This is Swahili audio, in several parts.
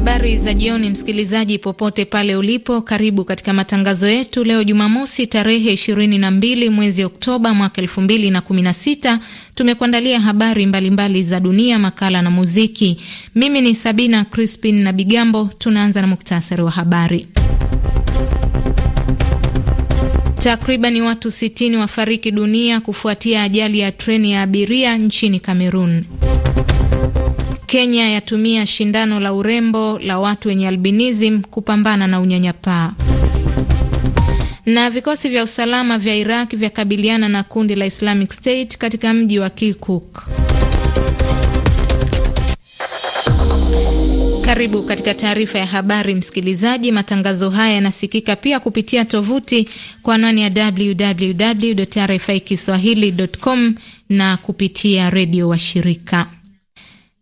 Habari za jioni, msikilizaji popote pale ulipo, karibu katika matangazo yetu leo Jumamosi tarehe 22 mwezi Oktoba mwaka 2016. Tumekuandalia habari mbalimbali mbali za dunia, makala na muziki. Mimi ni Sabina Crispin na Bigambo. Tunaanza na muktasari wa habari. Takriban watu 60 wafariki dunia kufuatia ajali ya treni ya abiria nchini Kamerun. Kenya yatumia shindano la urembo la watu wenye albinism kupambana na unyanyapaa na vikosi vya usalama vya Iraq vyakabiliana na kundi la Islamic State katika mji wa Kirkuk. Karibu katika taarifa ya habari msikilizaji. Matangazo haya yanasikika pia kupitia tovuti kwa anwani ya www RFI kiswahili.com na kupitia redio washirika.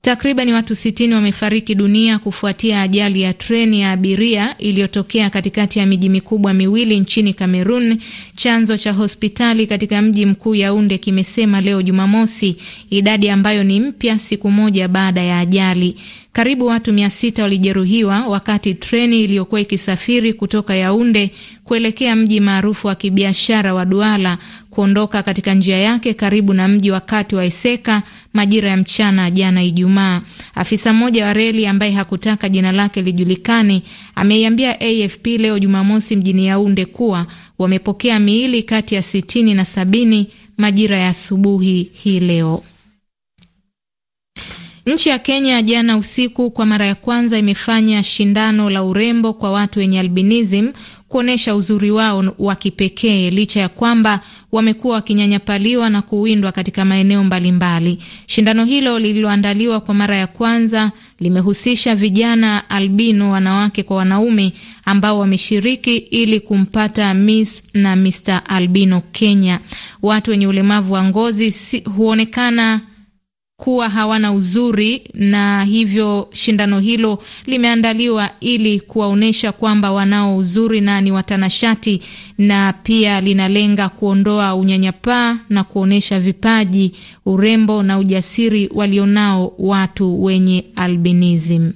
Takriban watu 60 wamefariki dunia kufuatia ajali ya treni ya abiria iliyotokea katikati ya miji mikubwa miwili nchini Kamerun. Chanzo cha hospitali katika mji mkuu Yaunde kimesema leo Jumamosi, idadi ambayo ni mpya siku moja baada ya ajali. Karibu watu sita walijeruhiwa wakati treni iliyokuwa ikisafiri kutoka Yaunde kuelekea mji maarufu wa kibiashara wa Duala kuondoka katika njia yake karibu na mji wa kati wa Iseka majira ya mchana jana Ijumaa. Afisa mmoja wa reli ambaye hakutaka jina lake lijulikane ameiambia AFP leo Jumamosi mjini Yaunde kuwa wamepokea miili kati ya sitini na sabini majira ya asubuhi hii leo. Nchi ya Kenya jana usiku kwa mara ya kwanza imefanya shindano la urembo kwa watu wenye albinism kuonyesha uzuri wao wa kipekee licha ya kwamba wamekuwa wakinyanyapaliwa na kuwindwa katika maeneo mbalimbali. Shindano hilo lililoandaliwa kwa mara ya kwanza limehusisha vijana albino, wanawake kwa wanaume, ambao wameshiriki ili kumpata Miss na Mr Albino Kenya. Watu wenye ulemavu wa ngozi si, huonekana kuwa hawana uzuri, na hivyo shindano hilo limeandaliwa ili kuwaonyesha kwamba wanao uzuri na ni watanashati, na pia linalenga kuondoa unyanyapaa na kuonyesha vipaji, urembo na ujasiri walionao watu wenye albinism.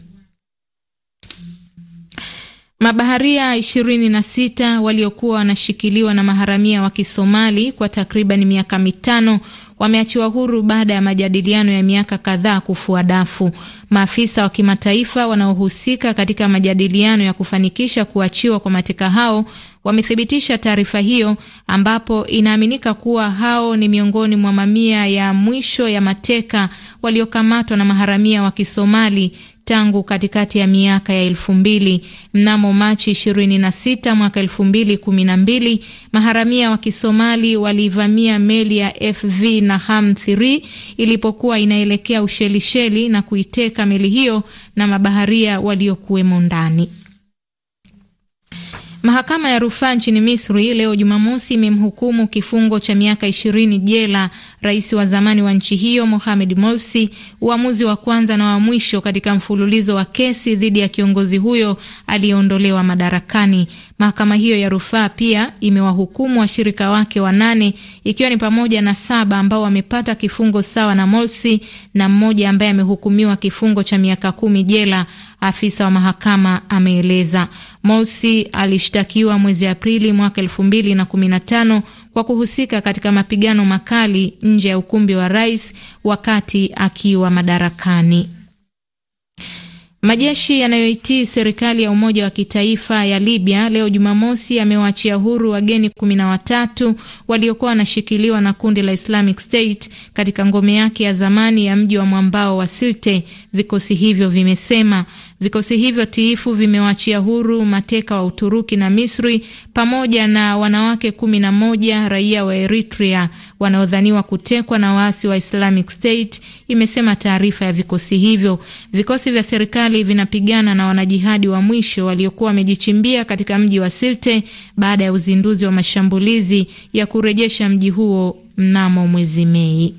Mabaharia ishirini na sita waliokuwa wanashikiliwa na maharamia wa Kisomali kwa takriban miaka mitano wameachiwa huru baada ya majadiliano ya miaka kadhaa kufua dafu. Maafisa wa kimataifa wanaohusika katika majadiliano ya kufanikisha kuachiwa kwa mateka hao wamethibitisha taarifa hiyo, ambapo inaaminika kuwa hao ni miongoni mwa mamia ya mwisho ya mateka waliokamatwa na maharamia wa Kisomali tangu katikati ya miaka ya elfu mbili. Mnamo Machi 26 mwaka elfu mbili kumi na mbili, maharamia wa Kisomali waliivamia meli ya FV Naham 3 ilipokuwa inaelekea Ushelisheli na kuiteka meli hiyo na mabaharia waliokuwemo ndani. Mahakama ya rufaa nchini Misri leo Jumamosi imemhukumu kifungo cha miaka ishirini jela rais wa zamani wa nchi hiyo Mohamed Morsi, uamuzi wa kwanza na wa mwisho katika mfululizo wa kesi dhidi ya kiongozi huyo aliyeondolewa madarakani. Mahakama hiyo ya rufaa pia imewahukumu washirika wake wanane ikiwa ni pamoja na saba ambao wamepata kifungo sawa na Morsi na mmoja ambaye amehukumiwa kifungo cha miaka kumi jela afisa wa mahakama ameeleza. Mosi alishtakiwa mwezi Aprili mwaka elfu mbili na kumi na tano kwa kuhusika katika mapigano makali nje ya ukumbi wa rais wakati akiwa madarakani. Majeshi yanayoitii serikali ya Umoja wa Kitaifa ya Libya leo Jumamosi yamewaachia huru wageni kumi na watatu waliokuwa wanashikiliwa na kundi la Islamic State katika ngome yake ya zamani ya mji wa mwambao wa Sirte, vikosi hivyo vimesema. Vikosi hivyo tiifu vimewachia huru mateka wa Uturuki na Misri pamoja na wanawake kumi na moja raia wa Eritrea wanaodhaniwa kutekwa na waasi wa Islamic State, imesema taarifa ya vikosi hivyo. Vikosi vya serikali vinapigana na wanajihadi wa mwisho waliokuwa wamejichimbia katika mji wa Sirte baada ya uzinduzi wa mashambulizi ya kurejesha mji huo mnamo mwezi Mei.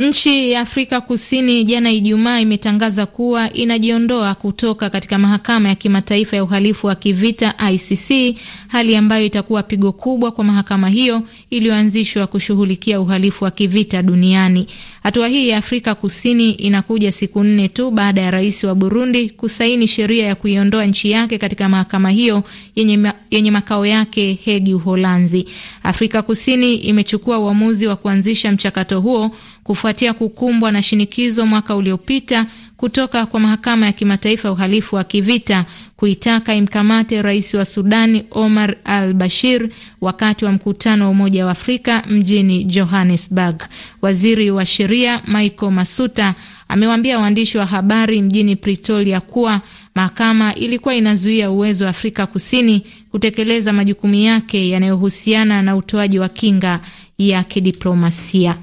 Nchi ya Afrika Kusini jana Ijumaa imetangaza kuwa inajiondoa kutoka katika mahakama ya kimataifa ya uhalifu wa kivita ICC, hali ambayo itakuwa pigo kubwa kwa mahakama hiyo iliyoanzishwa kushughulikia uhalifu wa kivita duniani. Hatua hii ya Afrika Kusini inakuja siku nne tu baada ya rais wa Burundi kusaini sheria ya kuiondoa nchi yake katika mahakama hiyo yenye, ma, yenye makao yake Hegi, Uholanzi. Afrika Kusini imechukua uamuzi wa kuanzisha mchakato huo kufuatia kukumbwa na shinikizo mwaka uliopita kutoka kwa mahakama ya kimataifa ya uhalifu wa kivita kuitaka imkamate rais wa Sudani Omar al Bashir wakati wa mkutano wa Umoja wa Afrika mjini Johannesburg. Waziri wa sheria Michael Masuta amewaambia waandishi wa habari mjini Pretoria kuwa mahakama ilikuwa inazuia uwezo wa Afrika Kusini kutekeleza majukumu yake yanayohusiana na utoaji wa kinga ya kidiplomasia.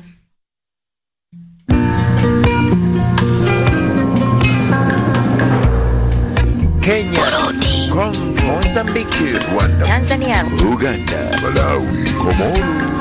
Kenya, Burundi, Congo, Mozambique, Rwanda, Tanzania, Uganda, Malawi, Komoro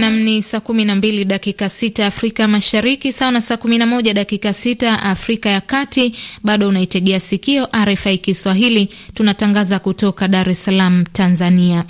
Nam ni saa kumi na mbili dakika sita Afrika Mashariki, sawa na saa kumi na moja dakika sita Afrika ya Kati. Bado unaitegea sikio RFI Kiswahili, tunatangaza kutoka Dar es Salaam, Tanzania.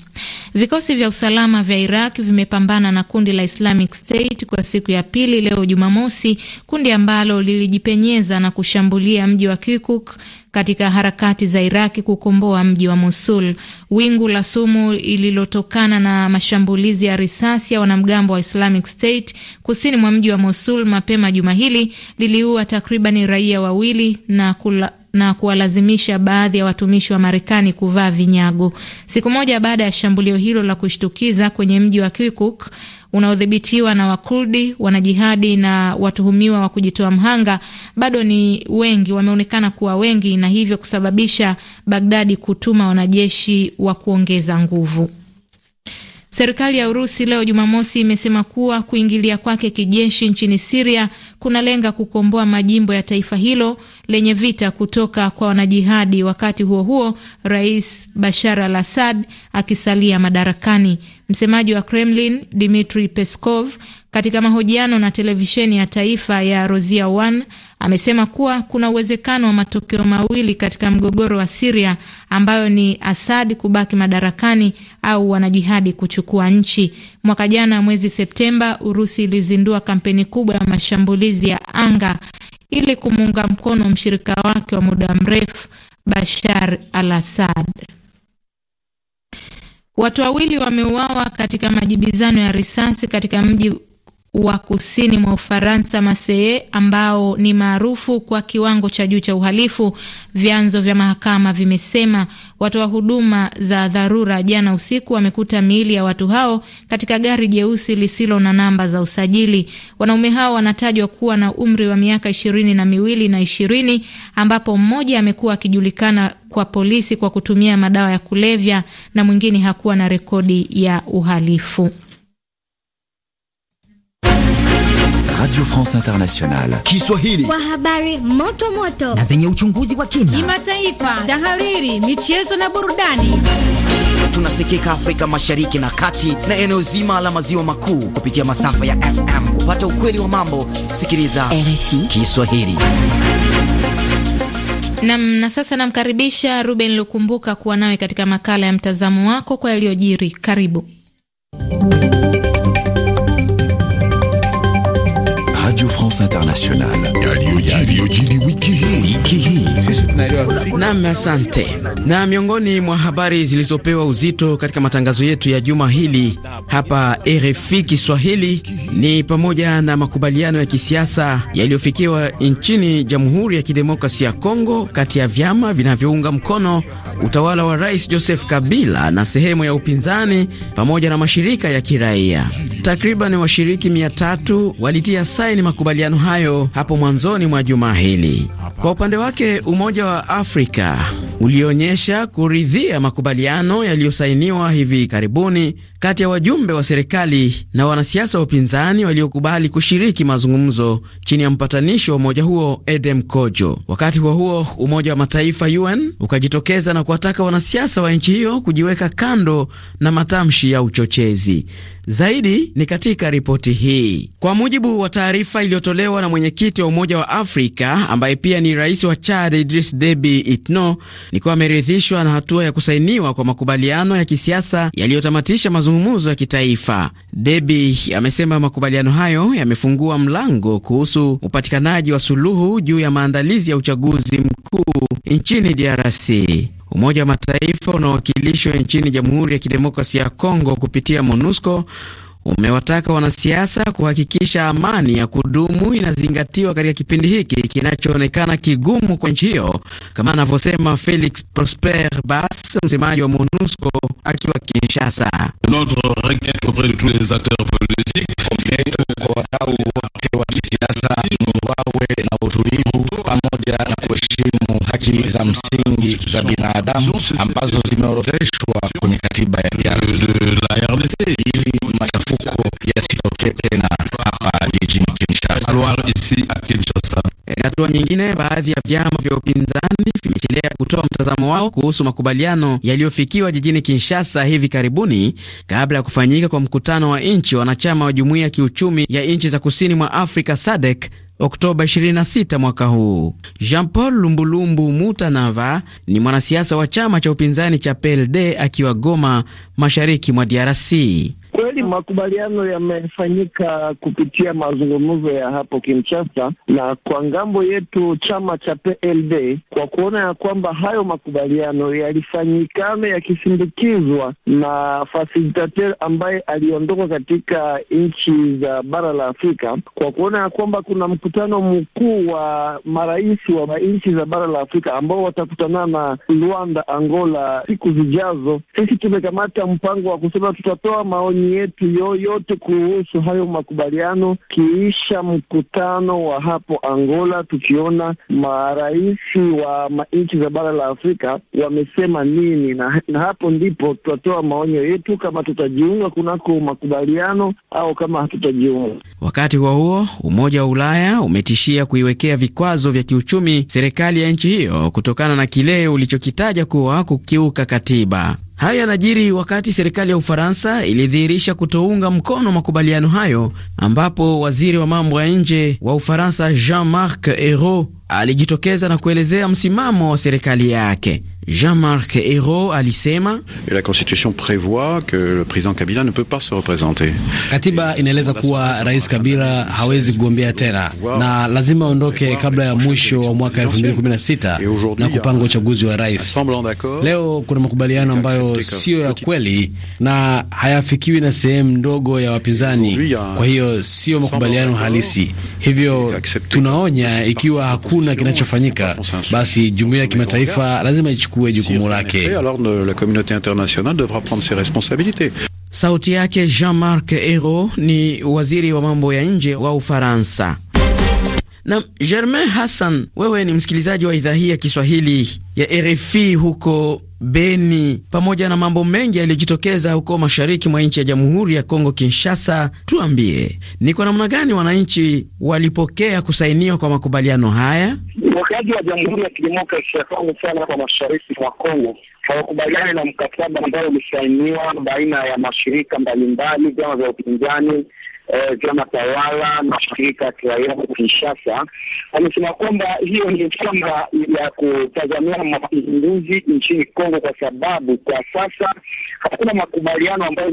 Vikosi vya usalama vya Iraq vimepambana na kundi la Islamic State kwa siku ya pili leo Jumamosi, kundi ambalo lilijipenyeza na kushambulia mji wa Kirkuk katika harakati za Iraki kukomboa mji wa Mosul. Wingu la sumu lililotokana na mashambulizi ya risasi ya wanamgambo wa Islamic State kusini mwa mji wa Mosul mapema juma hili liliua takriban raia wawili na kula na kuwalazimisha baadhi ya watumishi wa Marekani kuvaa vinyago. Siku moja baada ya shambulio hilo la kushtukiza kwenye mji wa Kirkuk unaodhibitiwa na Wakurdi, wanajihadi na watuhumiwa wa kujitoa mhanga bado ni wengi, wameonekana kuwa wengi na hivyo kusababisha Bagdadi kutuma wanajeshi wa kuongeza nguvu. Serikali ya Urusi leo Jumamosi imesema kuwa kuingilia kwake kijeshi nchini Siria kunalenga kukomboa majimbo ya taifa hilo lenye vita kutoka kwa wanajihadi. Wakati huo huo, Rais Bashar al Assad akisalia madarakani. Msemaji wa Kremlin Dmitri Peskov katika mahojiano na televisheni ya taifa ya Rosia One amesema kuwa kuna uwezekano wa matokeo mawili katika mgogoro wa Siria ambayo ni Asad kubaki madarakani au wanajihadi kuchukua nchi. Mwaka jana mwezi Septemba, Urusi ilizindua kampeni kubwa ya mashambulizi ya anga ili kumuunga mkono mshirika wake wa muda mrefu Bashar al-Assad. Watu wawili wameuawa katika majibizano ya risasi katika mji wa kusini mwa Ufaransa, Maseye, ambao ni maarufu kwa kiwango cha juu cha uhalifu, vyanzo vya mahakama vimesema. Watoa huduma za dharura jana usiku wamekuta miili ya watu hao katika gari jeusi lisilo na namba za usajili. Wanaume hao wanatajwa kuwa na umri wa miaka ishirini na miwili na ishirini, ambapo mmoja amekuwa akijulikana kwa polisi kwa kutumia madawa ya kulevya na mwingine hakuwa na rekodi ya uhalifu. Radio France Internationale Kiswahili, kwa habari moto moto na zenye uchunguzi wa kina, kimataifa, tahariri, michezo na burudani. Tunasikika Afrika Mashariki na Kati na eneo zima la maziwa makuu kupitia masafa ya FM. Kupata ukweli wa mambo, sikiliza RFI Kiswahili. Nam, na sasa namkaribisha Ruben Lukumbuka kuwa nawe katika makala ya mtazamo wako kwa yaliyojiri. Karibu. International. wiki hii. Nam, asante. Na miongoni mwa habari zilizopewa uzito katika matangazo yetu ya juma hili hapa RFI Kiswahili ni pamoja na makubaliano ya kisiasa yaliyofikiwa nchini Jamhuri ya Kidemokrasia ya Kongo kati ya vyama vinavyounga mkono utawala wa Rais Joseph Kabila na sehemu ya upinzani pamoja na mashirika ya kiraia. Takriban washiriki mia tatu walitia saini makubaliano hayo hapo mwanzoni mwa juma hili. Kwa upande upande wake Umoja wa Afrika ulionyesha kuridhia makubaliano yaliyosainiwa hivi karibuni kati ya wajumbe wa serikali na wanasiasa wa upinzani waliokubali kushiriki mazungumzo chini ya mpatanishi wa umoja huo Edem Kojo. Wakati huo huo, Umoja wa Mataifa UN ukajitokeza na kuwataka wanasiasa wa nchi hiyo kujiweka kando na matamshi ya uchochezi. Zaidi ni katika ripoti hii. Kwa mujibu wa taarifa iliyotolewa na mwenyekiti wa Umoja wa Afrika ambaye pia ni rais wa Chad Idris Deby Itno, ni kuwa ameridhishwa na hatua ya kusainiwa kwa makubaliano ya kisiasa yaliyotamatisha mazungumzo mazungumzo ya kitaifa. Debi amesema makubaliano hayo yamefungua mlango kuhusu upatikanaji wa suluhu juu ya maandalizi ya uchaguzi mkuu nchini DRC. Umoja wa Mataifa unaowakilishwa nchini Jamhuri ya Kidemokrasia ya Kongo kupitia MONUSCO umewataka wanasiasa kuhakikisha amani ya kudumu inazingatiwa katika kipindi hiki kinachoonekana kigumu kwa nchi hiyo, kama anavyosema Felix Prosper Bas, msemaji wa MONUSCO akiwa Kinshasa. Kwa wadau wote wa kisiasa wawe na utulivu pamoja kuheshimu haki za msingi za binadamu ambazo zimeorodheshwa kwenye katiba ya DRC ili machafuko yasitokee tena hapa jijini Kinshasa. E, hatua nyingine, baadhi ya vyama vya upinzani vimechelea kutoa mtazamo wao kuhusu makubaliano yaliyofikiwa jijini Kinshasa hivi karibuni kabla ya kufanyika kwa mkutano wa nchi wanachama wa jumuiya ya kiuchumi ya nchi za kusini mwa Afrika SADC Oktoba 26 mwaka huu. Jean Paul Lumbulumbu Mutanava ni mwanasiasa wa chama cha upinzani cha PLD akiwa Goma, mashariki mwa DRC. Kweli mm. makubaliano yamefanyika kupitia mazungumzo ya hapo Kinshasa, na kwa ngambo yetu chama cha PLD kwa kuona ya kwamba hayo makubaliano yalifanyikana yakisindikizwa na fasilitater ambaye aliondoka katika nchi za bara la Afrika, kwa kuona ya kwamba kuna mkutano mkuu wa marais wa nchi za bara la Afrika ambao watakutana na Luanda, Angola siku zijazo. Sisi tumekamata mpango wa kusema tutatoa maoni maoni yetu yoyote kuhusu hayo makubaliano kiisha mkutano wa hapo Angola, tukiona marais wa nchi za bara la Afrika wamesema nini, na, na hapo ndipo tutatoa maonyo yetu kama tutajiunga kunako makubaliano au kama hatutajiunga. Wakati huo huo, Umoja wa Ulaya umetishia kuiwekea vikwazo vya kiuchumi serikali ya nchi hiyo kutokana na kile ulichokitaja kuwa kukiuka katiba. Haya yanajiri wakati serikali ya Ufaransa ilidhihirisha kutounga mkono makubaliano hayo, ambapo waziri wa mambo ya nje wa Ufaransa Jean-Marc Ayrault alijitokeza na kuelezea msimamo wa serikali yake. Jean-Marc Hero alisema la constitution prevoit que le Kabila ne peut pas se Katiba inaeleza kuwa rais Kabila hawezi kugombea tena na lazima aondoke kabla ya mwisho wa mwaka 2016 na kupanga uchaguzi wa rais. Leo kuna makubaliano ambayo siyo ya kweli na hayafikiwi na sehemu ndogo ya wapinzani, kwa hiyo siyo makubaliano halisi. Hivyo tunaonya ikiwa hakuna kinachofanyika, basi jumuiya ya kimataifa lazima ichukue jukumu lake. Euh, Sauti yake Jean-Marc ero ni waziri wa mambo ya nje wa Ufaransa. Na Germain Hassan, wewe ni msikilizaji wa idhaa hii ya Kiswahili ya RFI huko Beni, pamoja na mambo mengi yaliyojitokeza huko mashariki mwa nchi ya Jamhuri ya Kongo Kinshasa. Tuambie, ni kwa namna gani wananchi walipokea kusainiwa kwa makubaliano haya? Wakazi wa Jamhuri ya Kidemokrasia ya Kongo sana kwa mashariki mwa Kongo hawakubaliani na mkataba ambao ulisainiwa baina ya mashirika mbalimbali, vyama vya upinzani Eh, vyama tawala mashirika ya kiraia Kinshasa amesema kwamba hiyo ni kwamba ya kutazamia mapinduzi nchini Kongo, kwa sababu kwa sasa hakuna makubaliano ambayo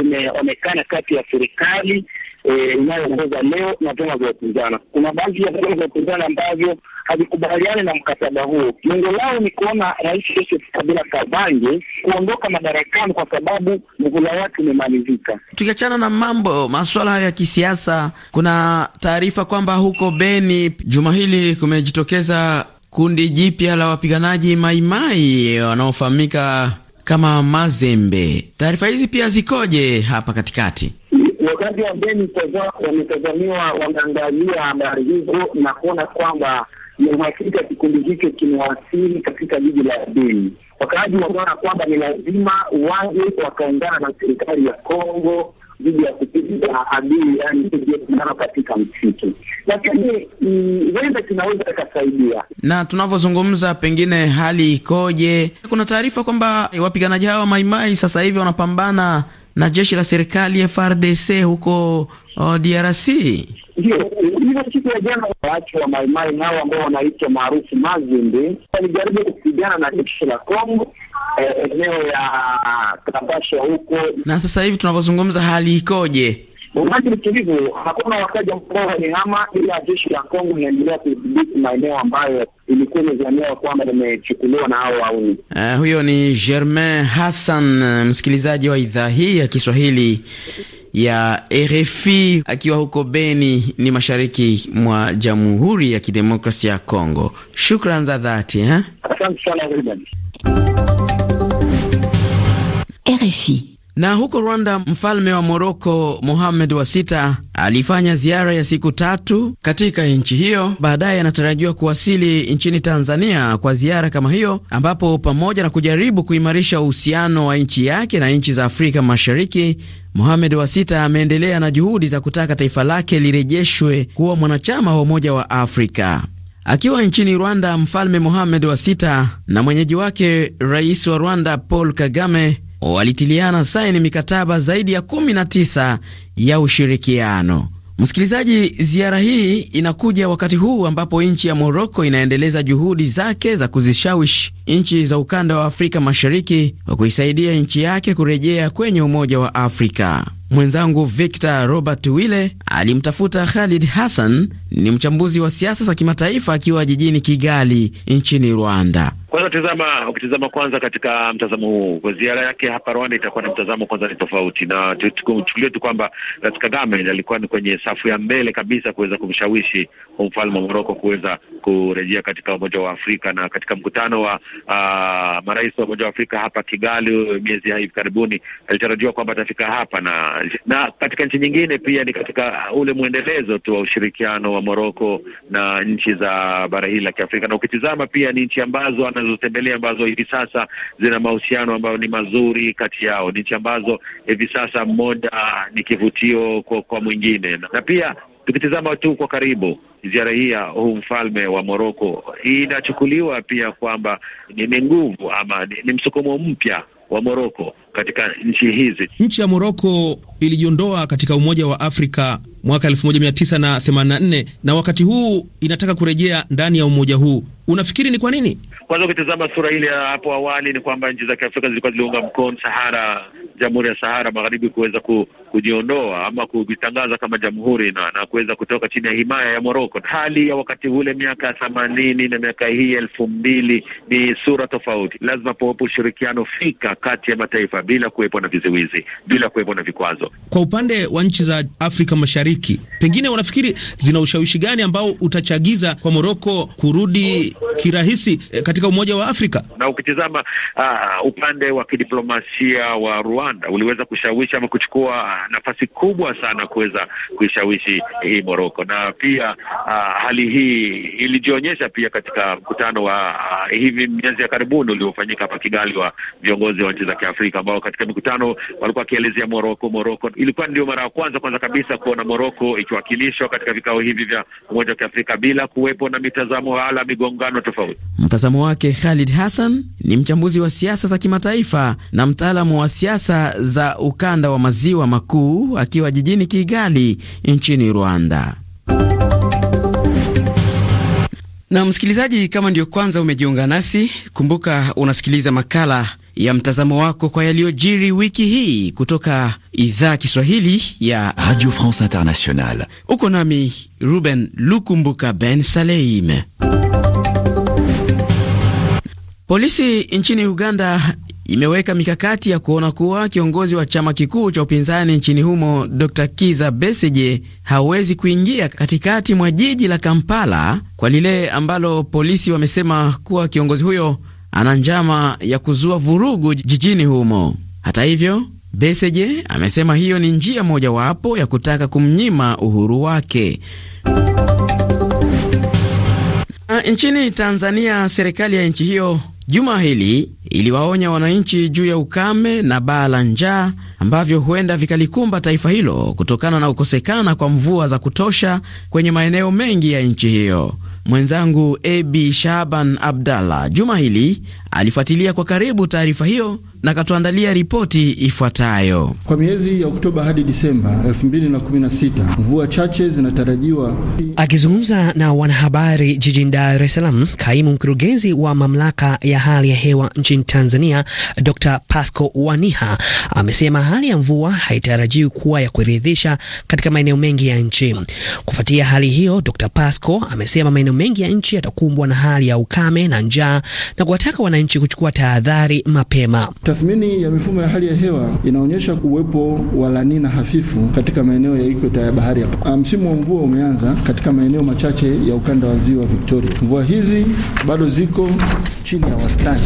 imeonekana kati ya serikali E, inayoongoza e, leo na vyama vya upinzani. Kuna baadhi ya vyama vya upinzani ambavyo havikubaliani na mkataba huo. Lengo lao ni kuona Rais Joseph Kabila Kabange kuondoka madarakani kwa sababu muhula wake umemalizika. Tukiachana na mambo masuala ya kisiasa, kuna taarifa kwamba huko Beni juma hili kumejitokeza kundi jipya la wapiganaji maimai wanaofahamika kama Mazembe. Taarifa hizi pia zikoje hapa katikati? Wakazi wa Beni wametazamiwa, wameangalia habari hizo na kuona kwamba ni uhakika kikundi hicho kimewasili katika jiji la Beni. Wakaaji wanaona kwamba ni lazima waje wakaungana na serikali ya Kongo dhidi ya kupiga adui, yani nao katika msitu, lakini mm, huenda kinaweza ikasaidia. Na tunavyozungumza pengine hali ikoje? Kuna taarifa kwamba wapiganaji hawa Maimai sasa hivi wanapambana na jeshi la serikali FRDC huko uh, DRC. Ndio hiyo siku ya jana, waachi wa maimai hao ambao wanaitwa maarufu Mazimbi walijaribu kupigana na jeshi la Kongo eh, eneo ya Kabasha huko, na sasa hivi tunavyozungumza hali ikoje? Mauaji ni tulivu, hakuna wakaji ambao walihama, ila jeshi la Kongo inaendelea kudhibiti maeneo ambayo ilikuwa imezaniwa kwamba limechukuliwa na hao wauni. Uh, huyo ni Germain Hassan, msikilizaji wa idhaa hii ya Kiswahili ya RFI akiwa huko Beni ni mashariki mwa Jamhuri ya Kidemokrasia ya Kongo. Shukran za dhati eh? Asante sana RFI. Na huko Rwanda, mfalme wa Moroko Mohamed wa sita alifanya ziara ya siku tatu katika nchi hiyo. Baadaye anatarajiwa kuwasili nchini Tanzania kwa ziara kama hiyo, ambapo pamoja na kujaribu kuimarisha uhusiano wa nchi yake na nchi za Afrika Mashariki, Mohamed wa sita ameendelea na juhudi za kutaka taifa lake lirejeshwe kuwa mwanachama wa Umoja wa Afrika. Akiwa nchini Rwanda, mfalme Mohamed wa sita na mwenyeji wake rais wa Rwanda Paul Kagame walitiliana saini mikataba zaidi ya 19 ya ushirikiano. Msikilizaji, ziara hii inakuja wakati huu ambapo nchi ya Moroko inaendeleza juhudi zake za kuzishawishi nchi za ukanda wa Afrika Mashariki wa kuisaidia nchi yake kurejea kwenye Umoja wa Afrika. Mwenzangu Victor Robert Wille alimtafuta Khalid Hassan, ni mchambuzi wa siasa za kimataifa akiwa jijini Kigali nchini Rwanda. Kwanza tizama, ukitizama kwanza katika mtazamo huu, kwa ziara yake hapa Rwanda itakuwa na mtazamo kwanza ni tofauti, na tuchukulie tu kwamba Rais Kagame alikuwa ni kwenye safu ya mbele kabisa kuweza kumshawishi mfalme wa Moroko kuweza kurejea katika Umoja wa Afrika, na katika mkutano wa uh, marais wa Umoja wa Afrika hapa Kigali eh, miezi ya hivi karibuni alitarajiwa kwamba atafika hapa na, na katika nchi nyingine pia ni katika ule mwendelezo tu wa ushirikiano wa Moroko na nchi za bara hili la Kiafrika, na ukitizama pia ni nchi ambazo ana tunazotembelea ambazo hivi sasa zina mahusiano ambayo ni mazuri kati yao, ni nchi ambazo hivi sasa mmoja ni kivutio kwa, kwa mwingine na pia tukitizama tu kwa karibu ziara hii ya huu mfalme wa Moroko inachukuliwa pia kwamba ni nguvu ama ni, ni msukumo mpya wa Moroko katika nchi hizi. Nchi ya Moroko ilijiondoa katika Umoja wa Afrika mwaka 1984 na wakati huu inataka kurejea ndani ya umoja huu. Unafikiri ni kwa nini? Kwanza ukitazama sura ile ya hapo awali ni kwamba nchi za Kiafrika zilikuwa ziliunga mkono Sahara jamhuri ya Sahara Magharibi kuweza ku, kujiondoa ama kujitangaza kama jamhuri na, na kuweza kutoka chini ya himaya ya Moroko. Hali ya wakati ule miaka ya themanini na miaka hii elfu mbili ni sura tofauti. Lazima pawepo ushirikiano fika kati ya mataifa bila kuwepo na viziwizi, bila kuwepo na vikwazo. Kwa upande wa nchi za Afrika Mashariki, pengine unafikiri zina ushawishi gani ambao utachagiza kwa Moroko kurudi kirahisi eh, katika Umoja wa Afrika? Na ukitizama uh, upande wa kidiplomasia wa Rwanda Rwanda uliweza kushawishi ama kuchukua nafasi kubwa sana kuweza kuishawishi hii Moroko, na pia uh, hali hii ilijionyesha pia katika mkutano wa uh, hivi miezi ya karibuni uliofanyika hapa Kigali wa viongozi wa nchi za Kiafrika ambao katika mikutano walikuwa wakielezea Moroko. Moroko ilikuwa ndio mara ya kwanza kwanza kabisa kuona Moroko ikiwakilishwa katika vikao hivi vya Umoja wa Kiafrika bila kuwepo na mitazamo wala migongano tofauti. Mtazamo wake Khalid Hassan ni mchambuzi wa siasa za kimataifa na mtaalamu wa siasa siasa za ukanda wa maziwa makuu akiwa jijini Kigali nchini Rwanda. Na msikilizaji, kama ndiyo kwanza umejiunga nasi, kumbuka unasikiliza makala ya mtazamo wako kwa yaliyojiri wiki hii kutoka idhaa Kiswahili ya Radio France Internationale. Uko nami Ruben Lukumbuka Ben Saleim. Polisi nchini Uganda imeweka mikakati ya kuona kuwa kiongozi wa chama kikuu cha upinzani nchini humo Dr Kiza Besigye hawezi kuingia katikati mwa jiji la Kampala kwa lile ambalo polisi wamesema kuwa kiongozi huyo ana njama ya kuzua vurugu jijini humo. Hata hivyo, Besigye amesema hiyo ni njia mojawapo ya kutaka kumnyima uhuru wake nchini Tanzania, serikali ya nchi hiyo juma hili iliwaonya wananchi juu ya ukame na baa la njaa ambavyo huenda vikalikumba taifa hilo kutokana na kukosekana kwa mvua za kutosha kwenye maeneo mengi ya nchi hiyo. Mwenzangu Abi Shaban Abdallah juma hili alifuatilia kwa karibu taarifa hiyo na katuandalia ripoti ifuatayo. Kwa miezi ya Oktoba hadi Disemba 2016 mvua chache zinatarajiwa. Akizungumza na wanahabari jijini Dar es Salaam, kaimu mkurugenzi wa mamlaka ya hali ya hewa nchini Tanzania Dr Pasco Waniha amesema hali ya mvua haitarajiwi kuwa ya kuridhisha katika maeneo mengi ya nchi. Kufuatia hali hiyo, Dr Pasco amesema maeneo mengi ya nchi yatakumbwa na hali ya ukame na njaa na kuwataka wana wananchi kuchukua tahadhari mapema. Tathmini ya mifumo ya hali ya hewa inaonyesha uwepo wa lanina hafifu katika maeneo ya ikweta ya bahari hapa. Msimu wa mvua umeanza katika maeneo machache ya ukanda wa ziwa Victoria. Mvua hizi bado ziko chini ya wastani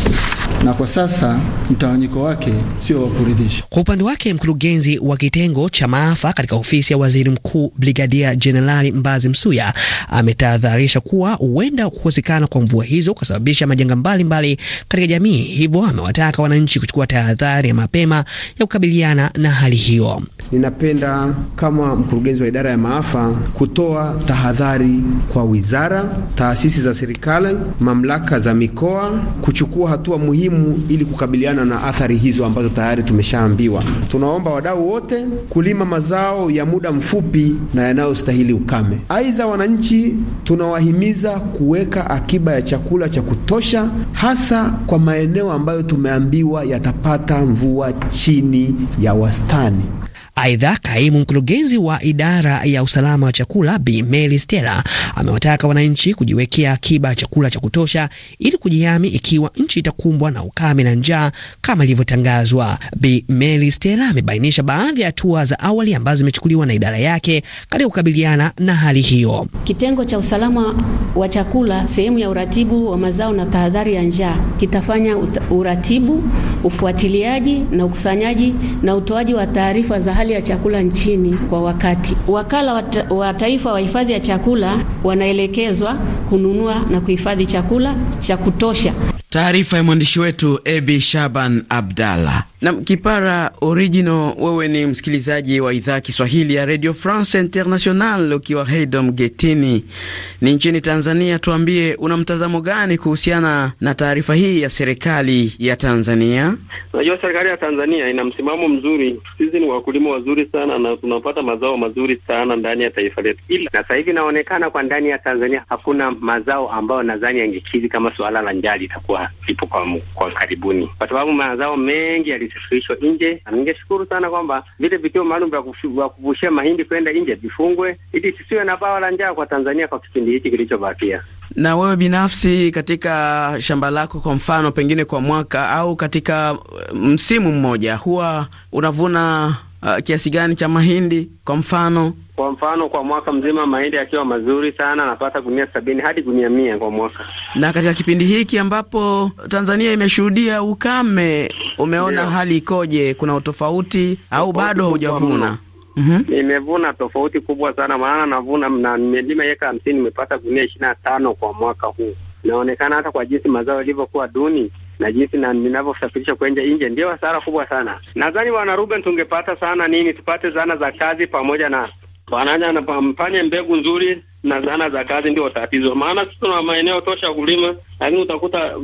na kwa sasa mtawanyiko wake sio wa kuridhisha. Kwa upande wake, mkurugenzi wa kitengo cha maafa katika ofisi ya waziri mkuu Brigadia Jenerali Mbazi Msuya ametahadharisha kuwa huenda kukosekana kwa mvua hizo kusababisha majanga mbalimbali katika jamii, hivyo amewataka wananchi kuchukua tahadhari ya mapema ya kukabiliana na hali hiyo. Ninapenda kama mkurugenzi wa idara ya maafa kutoa tahadhari kwa wizara, taasisi za serikali, mamlaka za mikoa kuchukua hatua muhimu ili kukabiliana na athari hizo ambazo tayari tumeshaambiwa. Tunaomba wadau wote kulima mazao ya muda mfupi na yanayostahili ukame. Aidha, wananchi tunawahimiza kuweka akiba ya chakula cha kutosha hasa kwa maeneo ambayo tumeambiwa yatapata mvua chini ya wastani. Aidha, kaimu mkurugenzi wa idara ya usalama wa chakula Bi Mary Stella amewataka wananchi kujiwekea akiba chakula cha kutosha ili kujihami ikiwa nchi itakumbwa na ukame na njaa kama ilivyotangazwa. Bi Mary Stella amebainisha baadhi ya hatua za awali ambazo zimechukuliwa na idara yake katika kukabiliana na hali hiyo. Kitengo cha usalama wa chakula sehemu ya uratibu wa mazao na tahadhari ya njaa kitafanya uratibu, ufuatiliaji na ukusanyaji na utoaji wa taarifa za hali hali ya chakula nchini kwa wakati. Wakala wa Taifa wa Hifadhi ya Chakula wanaelekezwa kununua na kuhifadhi chakula cha kutosha. Taarifa ya mwandishi wetu Ebi Shaban Abdalla. Na Kipara Original, wewe ni msikilizaji wa idhaa Kiswahili ya Radio France International ukiwa Hedom Getini ni nchini Tanzania. Tuambie, una mtazamo gani kuhusiana na taarifa hii ya serikali ya Tanzania? Unajua, serikali ya Tanzania ina msimamo mzuri. Sisi ni wakulima wazuri sana na tunapata mazao mazuri sana ndani ya taifa letu, ila na sasa hivi inaonekana kwa ndani ya Tanzania hakuna mazao ambayo nadhani yangekizi kama suala la njaa litakuwa sasa kwa, kwa karibuni, kwa sababu mazao mengi yalisafirishwa nje, na ningeshukuru sana kwamba vile vituo maalum vya kuvushia mahindi kwenda nje vifungwe ili tusiwe na bawa la njaa kwa Tanzania kwa kipindi hiki kilichobakia. Na wewe binafsi katika shamba lako, kwa mfano, pengine kwa mwaka au katika eh, msimu mmoja, huwa unavuna uh, kiasi gani cha mahindi kwa mfano? Kwa mfano kwa mwaka mzima mahindi yakiwa mazuri sana anapata gunia sabini hadi gunia mia kwa mwaka. Na katika kipindi hiki ambapo Tanzania imeshuhudia ukame, umeona yeah, hali ikoje? Kuna utofauti au bado haujavuna? Mm -hmm. Nimevuna tofauti kubwa sana, maana navuna na nimelima eka hamsini, nimepata gunia ishirini na tano kwa mwaka huu. naonekana hata kwa jinsi mazao yalivyokuwa duni, na jinsi na ninavyosafirisha kwenda nje ndio hasara kubwa sana. Nadhani bwana Ruben, tungepata sana nini, tupate zana za kazi pamoja na wananja anapamfanye mbegu nzuri na zana za kazi ndio tatizo, maana sisi tuna maeneo tosha kulima, lakini utakuta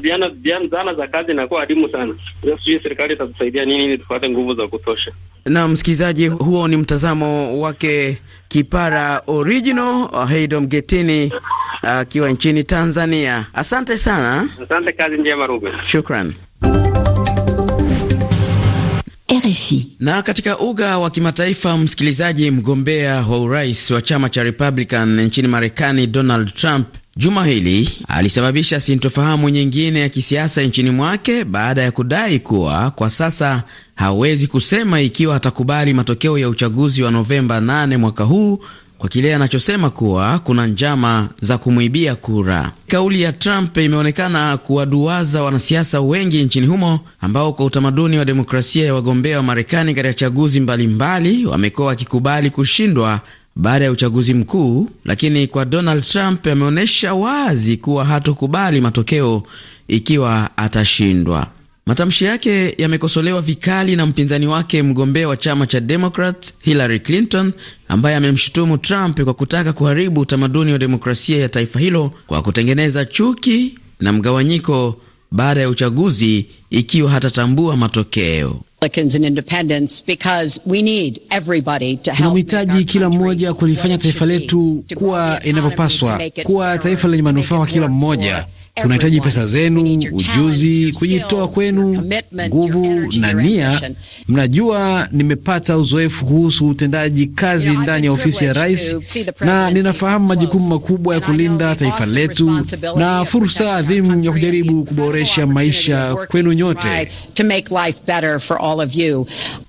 viana zana za kazi inakuwa adimu sana. Sijui serikali itatusaidia nini ili tupate nguvu za kutosha. Na msikilizaji, huo ni mtazamo wake Kipara Original uh, Haydom Getini uh, akiwa nchini Tanzania. Asante sana, asante. Kazi njema Ruben, shukran. RFI. Na katika uga wa kimataifa, msikilizaji, mgombea wa urais wa chama cha Republican nchini Marekani Donald Trump juma hili alisababisha sintofahamu nyingine ya kisiasa nchini mwake baada ya kudai kuwa kwa sasa hawezi kusema ikiwa atakubali matokeo ya uchaguzi wa Novemba 8 mwaka huu kwa kile anachosema kuwa kuna njama za kumwibia kura. Kauli ya Trump imeonekana kuwaduaza wanasiasa wengi nchini humo ambao kwa utamaduni wa demokrasia ya wagombea wa Marekani katika chaguzi mbalimbali wamekuwa wakikubali kushindwa baada ya uchaguzi mkuu, lakini kwa Donald Trump ameonyesha wazi kuwa hatokubali matokeo ikiwa atashindwa. Matamshi yake yamekosolewa vikali na mpinzani wake mgombea wa chama cha Democrat Hillary Clinton, ambaye amemshutumu Trump kwa kutaka kuharibu utamaduni wa demokrasia ya taifa hilo kwa kutengeneza chuki na mgawanyiko baada ya uchaguzi, ikiwa hatatambua matokeo. Tunamhitaji kila mmoja kulifanya taifa letu kuwa inavyopaswa, kuwa taifa lenye manufaa kwa kila mmoja Tunahitaji pesa zenu, ujuzi, kujitoa kwenu, nguvu na nia. Mnajua, nimepata uzoefu kuhusu utendaji kazi ndani ya ofisi ya rais, na ninafahamu majukumu makubwa ya kulinda taifa letu na fursa adhimu ya kujaribu kuboresha maisha kwenu nyote.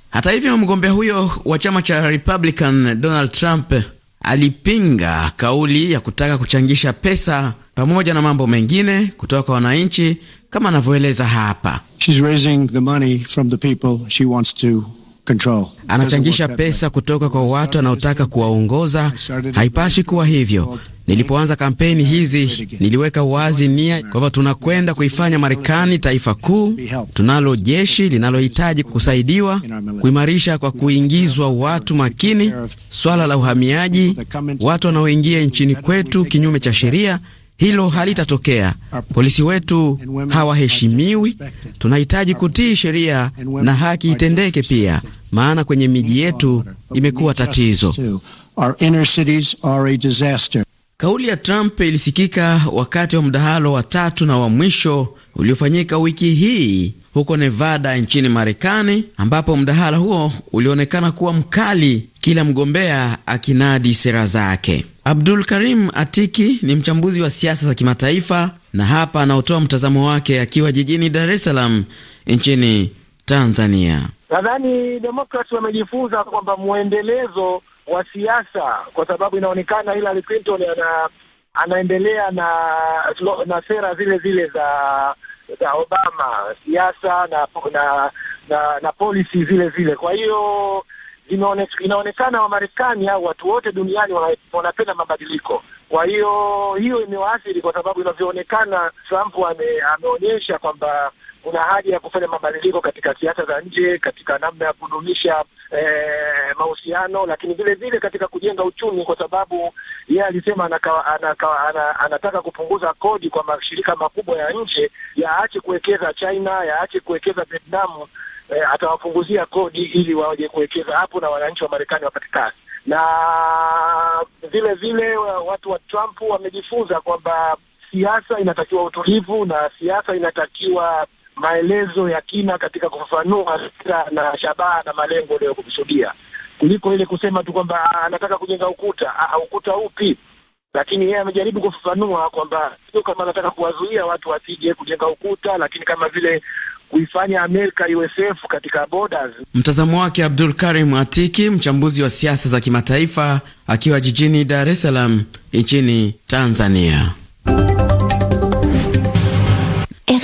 Hata hivyo, mgombea huyo wa chama cha Republican Donald Trump alipinga kauli ya kutaka kuchangisha pesa pamoja na mambo mengine kutoka kwa wananchi kama anavyoeleza hapa. Anachangisha pesa kutoka kwa watu anaotaka kuwaongoza. haipashi kuwa hivyo. Nilipoanza kampeni hizi, niliweka wazi nia kwamba tunakwenda kuifanya Marekani taifa kuu. Tunalo jeshi linalohitaji kusaidiwa kuimarisha kwa kuingizwa watu makini, swala la uhamiaji, watu wanaoingia nchini kwetu kinyume cha sheria hilo halitatokea. Polisi wetu hawaheshimiwi. Tunahitaji kutii sheria na haki itendeke pia, maana kwenye miji yetu imekuwa tatizo. Kauli ya Trump ilisikika wakati wa mdahalo wa tatu na wa mwisho uliofanyika wiki hii huko Nevada nchini Marekani, ambapo mdahalo huo ulionekana kuwa mkali, kila mgombea akinadi sera zake. Abdul Karim Atiki ni mchambuzi wa siasa za kimataifa na hapa anaotoa mtazamo wake akiwa jijini Dar es Salaam nchini Tanzania. Nadhani demokrati wamejifunza kwamba mwendelezo wa siasa, kwa sababu inaonekana Hillary Clinton ana, anaendelea na na sera zile zile za za Obama, siasa na na, na, na policy zile zile. Kwa hiyo inaonekana Wamarekani au watu wote duniani wanapenda mabadiliko. Kwa hiyo hiyo imewaathiri, kwa sababu inavyoonekana Trump ame, ameonyesha kwamba kuna haja ya kufanya mabadiliko katika siasa za nje, katika namna ya kudumisha e, mahusiano, lakini vile vile katika kujenga uchumi, kwa sababu yeye alisema anaka, anaka, anataka kupunguza kodi kwa mashirika makubwa ya nje, yaache kuwekeza China, yaache kuwekeza Vietnam. E, atawapunguzia kodi ili waje kuwekeza hapo na wananchi wa Marekani wapate kazi na vile vile watu wa Trump wamejifunza kwamba siasa inatakiwa utulivu na siasa inatakiwa maelezo ya kina katika kufafanua sera na shabaha na malengo aliyokusudia, kuliko ile kusema tu kwamba ah, anataka kujenga ukuta. Aa, ah, ukuta upi? Lakini yeye amejaribu kufafanua kwamba sio kama anataka kuwazuia watu wasije kujenga ukuta, lakini kama vile kuifanya Amerika iwe safe katika borders. Mtazamo wake Abdul Karim Atiki, mchambuzi wa siasa za kimataifa, akiwa jijini Dar es Salaam nchini Tanzania.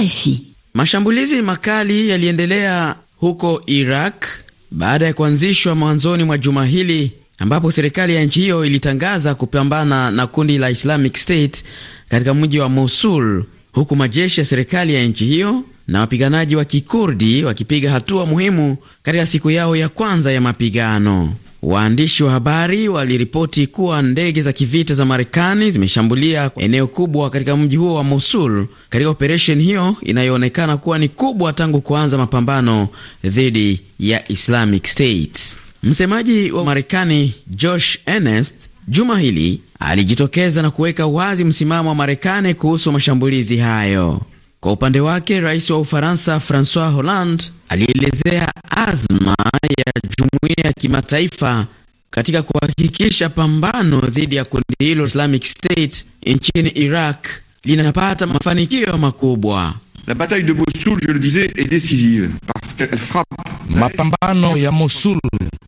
RFI Mashambulizi makali yaliendelea huko Iraq baada ya kuanzishwa mwanzoni mwa juma hili ambapo serikali ya nchi hiyo ilitangaza kupambana na kundi la Islamic State katika mji wa Mosul, huku majeshi ya serikali ya nchi hiyo na wapiganaji wa Kikurdi wakipiga hatua muhimu katika siku yao ya kwanza ya mapigano. Waandishi wa habari waliripoti kuwa ndege za kivita za Marekani zimeshambulia eneo kubwa katika mji huo wa Mosul katika operesheni hiyo inayoonekana kuwa ni kubwa tangu kuanza mapambano dhidi ya Islamic State. Msemaji wa Marekani Josh Ernest juma hili alijitokeza na kuweka wazi msimamo wa Marekani kuhusu mashambulizi hayo. Kwa upande wake, rais wa Ufaransa Francois Hollande alielezea azma ya jumuiya ya kimataifa katika kuhakikisha pambano dhidi ya kundi hilo Islamic State nchini Iraq linapata mafanikio makubwa. La bataille de Mossoul, je le disais, est décisive parce qu'elle frappe. Mapambano ya Mossoul,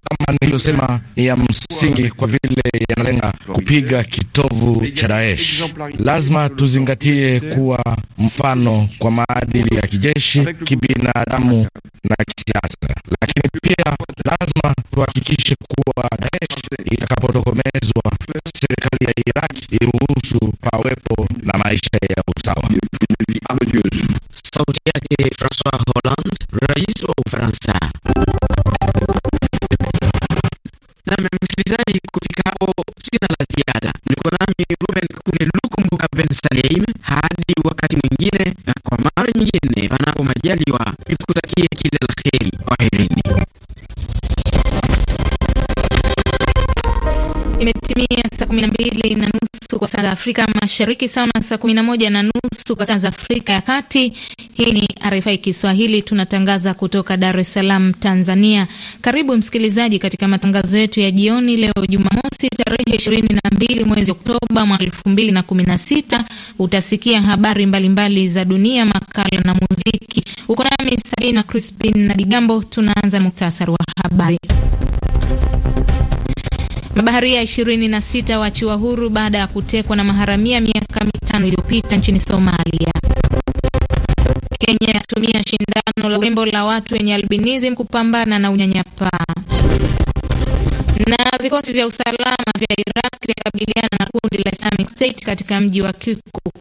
kama nilivyosema ya msingi kwa vile yanalenga kupiga kitovu cha Daesh. Lazima tuzingatie kuwa mfano kwa maadili ya kijeshi, kibinadamu na kisiasa, lakini pia lazima tuhakikishe kuwa Daesh itakapotokomezwa, serikali ya Iraq iruhusu pawepo na maisha ya usawa sauti yake Francois Hollande, rais wa Ufaransa. Nam msikilizaji, kufika hapo sina la ziada. Mlikuwa nami Ruben Kakule Lukumbuka Ben Saleim, hadi wakati mwingine na kwa mara nyingine, panapo majaliwa, nikutakie kila la heri. Kwaherini. Imetimia kumi na mbili na nusu kwa saa za Afrika Mashariki, sawa na saa kumi na moja na nusu kwa saa za Afrika ya Kati. Hii ni RFI Kiswahili, tunatangaza kutoka Dar es Salaam, Tanzania. Karibu msikilizaji katika matangazo yetu ya jioni leo Jumamosi tarehe 22 mwezi Oktoba mwaka elfu mbili na kumi na sita. Utasikia habari mbalimbali mbali za dunia, makala na muziki. Uko nami Sabina Crispin na Digambo. Tunaanza muktasari wa habari. Mabaharia 26 waachiwa huru baada ya kutekwa na maharamia miaka mitano iliyopita nchini Somalia. Kenya yatumia shindano la urembo la watu wenye albinism kupambana na unyanyapaa. Na vikosi vya usalama vya Iraq vyakabiliana na kundi la Islamic State katika mji wa Kirkuk.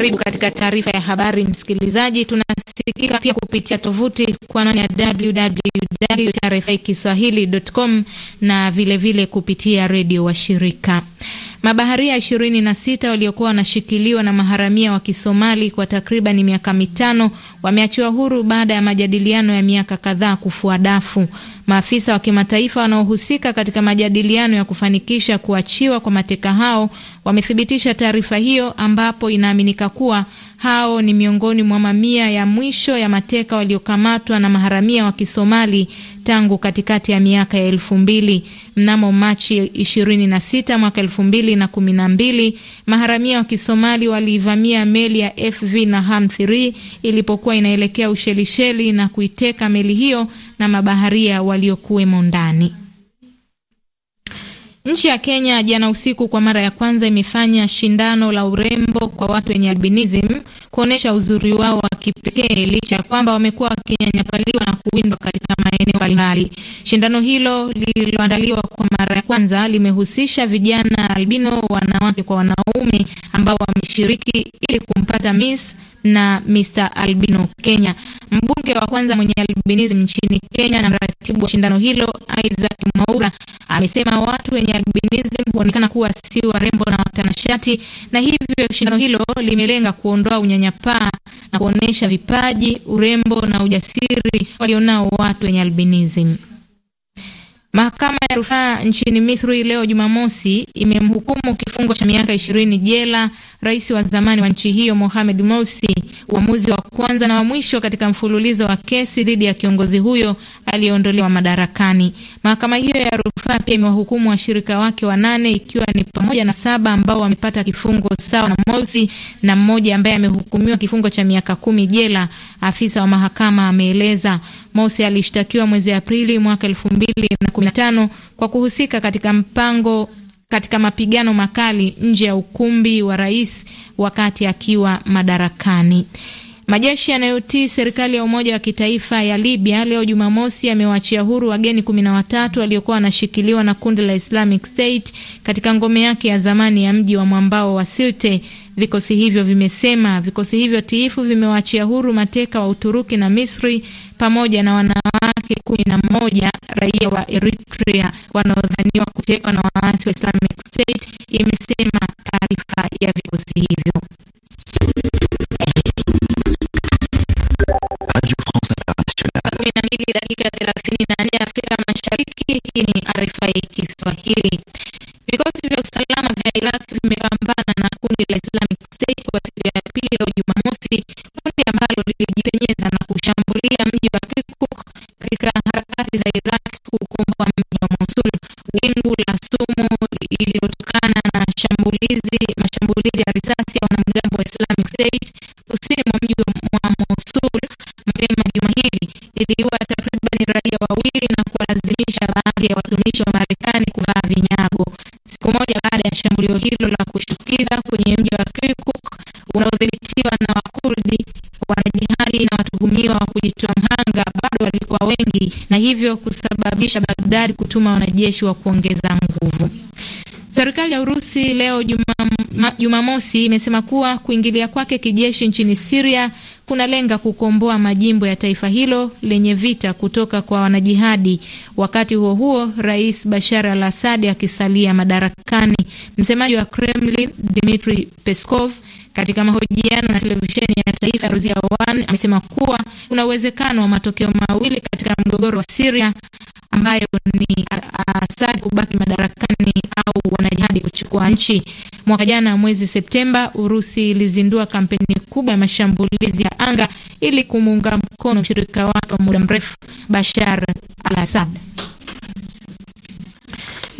Karibu katika taarifa ya habari msikilizaji. Tunasikika pia kupitia tovuti kwa anwani ya www.rfikiswahili.com na vilevile vile kupitia redio washirika. Mabaharia 26 waliokuwa wanashikiliwa na maharamia wa Kisomali kwa takriban miaka mitano wameachiwa huru baada ya majadiliano ya miaka kadhaa kufua dafu. Maafisa wa kimataifa wanaohusika katika majadiliano ya kufanikisha kuachiwa kwa mateka hao wamethibitisha taarifa hiyo, ambapo inaaminika kuwa hao ni miongoni mwa mamia ya mwisho ya mateka waliokamatwa na maharamia wa Kisomali tangu katikati ya miaka ya elfu mbili. Mnamo Machi 26 mwaka elfu mbili na kumi na mbili maharamia wa Kisomali waliivamia meli ya FV Naham 3 ilipokuwa inaelekea Ushelisheli na kuiteka meli hiyo na mabaharia waliokuwemo ndani. Nchi ya Kenya jana usiku kwa mara ya kwanza imefanya shindano la urembo kwa watu wenye albinism kuonyesha uzuri wao wa kipekee licha ya kwamba wamekuwa wakinyanyapaliwa na kuwindwa katika maeneo mbalimbali. Shindano hilo lililoandaliwa kwa mara ya kwanza limehusisha vijana albino, wanawake kwa wanaume, ambao wameshiriki ili kumpata Miss na Mr Albino Kenya, mbunge wa kwanza mwenye albinism nchini Kenya na mratibu wa shindano hilo Isaac maura amesema watu wenye albinism huonekana kuwa si warembo na watanashati, na hivyo shindano hilo limelenga kuondoa unyanyapaa na kuonyesha vipaji, urembo na ujasiri walionao watu wenye albinism. Mahakama ya rufaa nchini Misri leo Jumamosi imemhukumu kifungo cha miaka ishirini jela rais wa zamani wa nchi hiyo Mohamed Morsi, uamuzi wa kwanza na wa mwisho katika mfululizo wa kesi dhidi ya kiongozi huyo aliyeondolewa madarakani. Mahakama hiyo ya rufaa pia imewahukumu washirika wake wanane ikiwa ni pamoja na saba ambao wamepata kifungo sawa na Mozi na mmoja ambaye amehukumiwa kifungo cha miaka kumi jela, afisa wa mahakama ameeleza. Mosi alishtakiwa mwezi Aprili mwaka elfu mbili na kumi na tano kwa kuhusika katika mpango katika mapigano makali nje ya ukumbi wa rais wakati akiwa madarakani. Majeshi yanayotii serikali ya umoja wa kitaifa ya Libya leo Jumamosi yamewaachia huru wageni kumi na watatu waliokuwa wanashikiliwa na kundi la Islamic State katika ngome yake ya zamani ya mji wa mwambao wa Sirte. Vikosi hivyo vimesema vikosi hivyo tiifu vimewachia huru mateka wa Uturuki na Misri pamoja na wanawake kumi na moja raia wa Eritrea wanaodhaniwa kutekwa na waasi wa Islamic State, imesema taarifa ya vikosi hivyo. mbili dakika thelathini na nne Afrika Mashariki. Hii ni RFI Kiswahili. Vikosi vya usalama vya Iraq vimepambana na kundi la Islamic State kwa siku ya pili leo Jumamosi, kundi ambalo lilijipenyeza na kushambulia mji wa Kirkuk katika harakati za Iraq kukomboa mji wa Mosul. Wingu la sumu iliyotokana na shambulizi mashambulizi ya risasi ya wanamgambo wa Islamic State kusini mwa mji wa Mosul kuwajeruhiwa takriban raia wawili na kuwalazimisha baadhi ya watumishi wa Marekani kuvaa vinyago siku moja baada ya shambulio hilo la kushtukiza kwenye mji wa Kirkuk unaodhibitiwa na Wakurdi, wanajihadi na watuhumiwa wa kujitoa mhanga bado walikuwa wengi na hivyo kusababisha Bagdadi kutuma wanajeshi wa kuongeza nguvu. Serikali ya Urusi leo Jumamosi imesema kuwa kuingilia kwake kijeshi nchini Siria kunalenga kukomboa majimbo ya taifa hilo lenye vita kutoka kwa wanajihadi. Wakati huo huo, Rais Bashar al Assad akisalia madarakani. Msemaji wa Kremlin Dmitri Peskov katika mahojiano na televisheni ya taifa ya Rusia One amesema kuwa kuna uwezekano wa matokeo mawili katika mgogoro wa Siria ambayo ni Asad kubaki madarakani au wanajihadi kuchukua nchi. Mwaka jana mwezi Septemba, Urusi ilizindua kampeni kubwa ya mashambulizi ya anga ili kumuunga mkono mshirika wake wa muda mrefu Bashar al-Assad.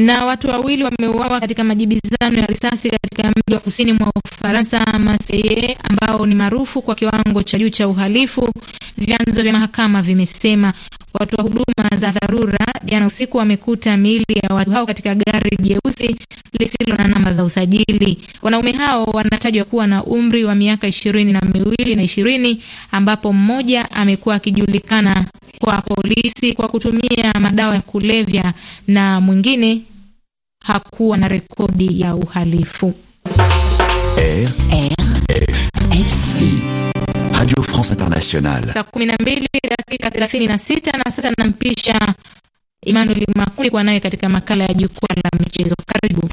Na watu wawili wameuawa katika majibizano ya risasi katika mji wa kusini mwa Ufaransa, Marseille, ambao ni maarufu kwa kiwango cha juu cha uhalifu, vyanzo vya mahakama vimesema watu wa huduma za dharura jana usiku wamekuta miili ya watu hao katika gari jeusi lisilo na namba za usajili. Wanaume hao wanatajwa kuwa na umri wa miaka ishirini na miwili na ishirini ambapo mmoja amekuwa akijulikana kwa polisi kwa kutumia madawa ya kulevya na mwingine hakuwa na rekodi ya uhalifu. Eh. Eh. Radio France Internationale. Saa 12 dakika 36 na sasa nampisha Emmanuel Makundi kuwa nawe katika makala ya jukwaa la michezo. Karibu.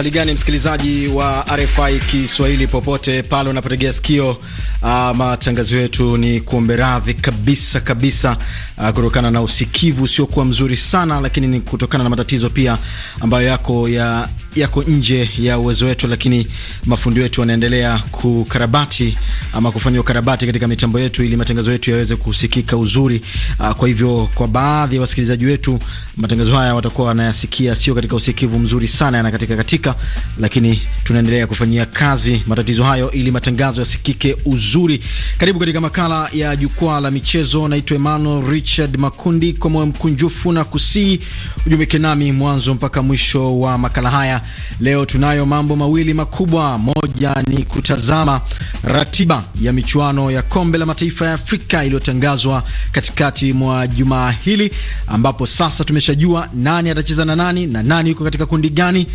hali gani msikilizaji wa RFI Kiswahili popote pale unapotegea sikio uh, matangazo yetu, ni kuombe radhi kabisa kabisa uh, kutokana na usikivu usiokuwa mzuri sana, lakini ni kutokana na matatizo pia ambayo yako ya yako nje ya uwezo wetu, lakini mafundi wetu wanaendelea kukarabati ama kufanya ukarabati katika mitambo yetu ili matangazo yetu yaweze kusikika uzuri. Ah, kwa hivyo kwa baadhi ya wasikilizaji wetu matangazo haya watakuwa wanayasikia sio katika usikivu mzuri sana, yanakatika katika, lakini tunaendelea kufanyia kazi matatizo hayo ili matangazo yasikike uzuri. Karibu katika makala ya jukwaa la michezo. Naitwa Emmanuel Richard Makundi, kwa moyo mkunjufu na kusii ujumike nami mwanzo mpaka mwisho wa makala haya Leo tunayo mambo mawili makubwa, moja ni kutazama ratiba ya michuano ya kombe la mataifa ya Afrika iliyotangazwa katikati mwa jumaa hili, ambapo sasa tumeshajua nani atacheza na nani na nani yuko katika kundi gani,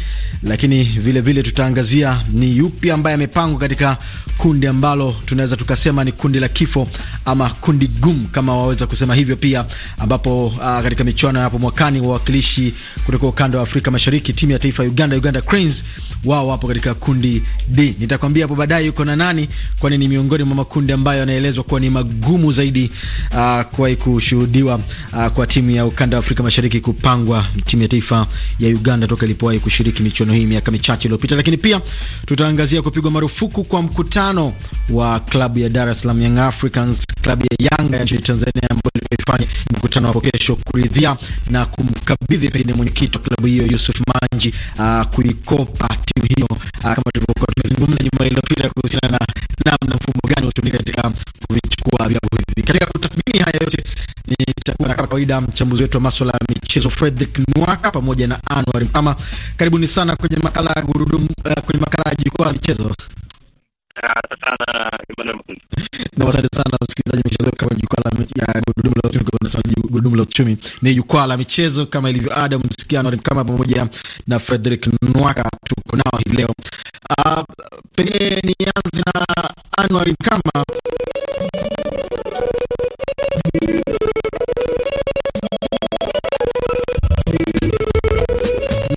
lakini vile vile tutaangazia ni yupi ambaye amepangwa katika kundi ambalo tunaweza tukasema ni kundi la kifo ama kundi gumu kama waweza kusema hivyo pia, ambapo ah, katika michuano ya hapo mwakani wawakilishi kutoka ukanda wa Afrika Mashariki, timu ya taifa ya Uganda na Uganda Cranes wao wapo katika kundi D. Nitakwambia hapo baadaye yuko na nani, kwani ni miongoni mwa makundi ambayo yanaelezwa kuwa ni magumu zaidi uh, kuwahi kushuhudiwa uh, kwa timu ya ukanda wa Afrika Mashariki kupangwa, timu ya taifa ya Uganda toka ilipowahi kushiriki michuano hii miaka michache iliyopita. Lakini pia tutaangazia kupigwa marufuku kwa mkutano wa klabu ya Dar es Salaam Young Africans, klabu ya Yanga ya nchini Tanzania ambayo ilifanya mkutano hapo kesho kuridhia na kumkabidhi pengine mwenyekiti wa klabu hiyo Yusuf Manji uh, kuikopa timu hiyo, ah, kama tulivyokuwa tumezungumza juma lililopita kuhusiana na namna mfumo gani utumika katika kuvichukua vilabu hivi. Katika kutathmini haya yote, nitakuwa kama kawaida mchambuzi wetu wa masuala ya michezo Fredrick Nwaka pamoja na Anwar Mkama. Karibuni sana kwenye makala ya gurudumu, eh, kwenye makala ya jukwaa la michezo na asante sana msikilizaji, michezo kama gurudumu la uchumi ni jukwaa la michezo kama ilivyo ada. Msikiano kama pamoja na Frederick Nwaka tuko nao hivi leo. Uh, pengine nianze na Anwar kama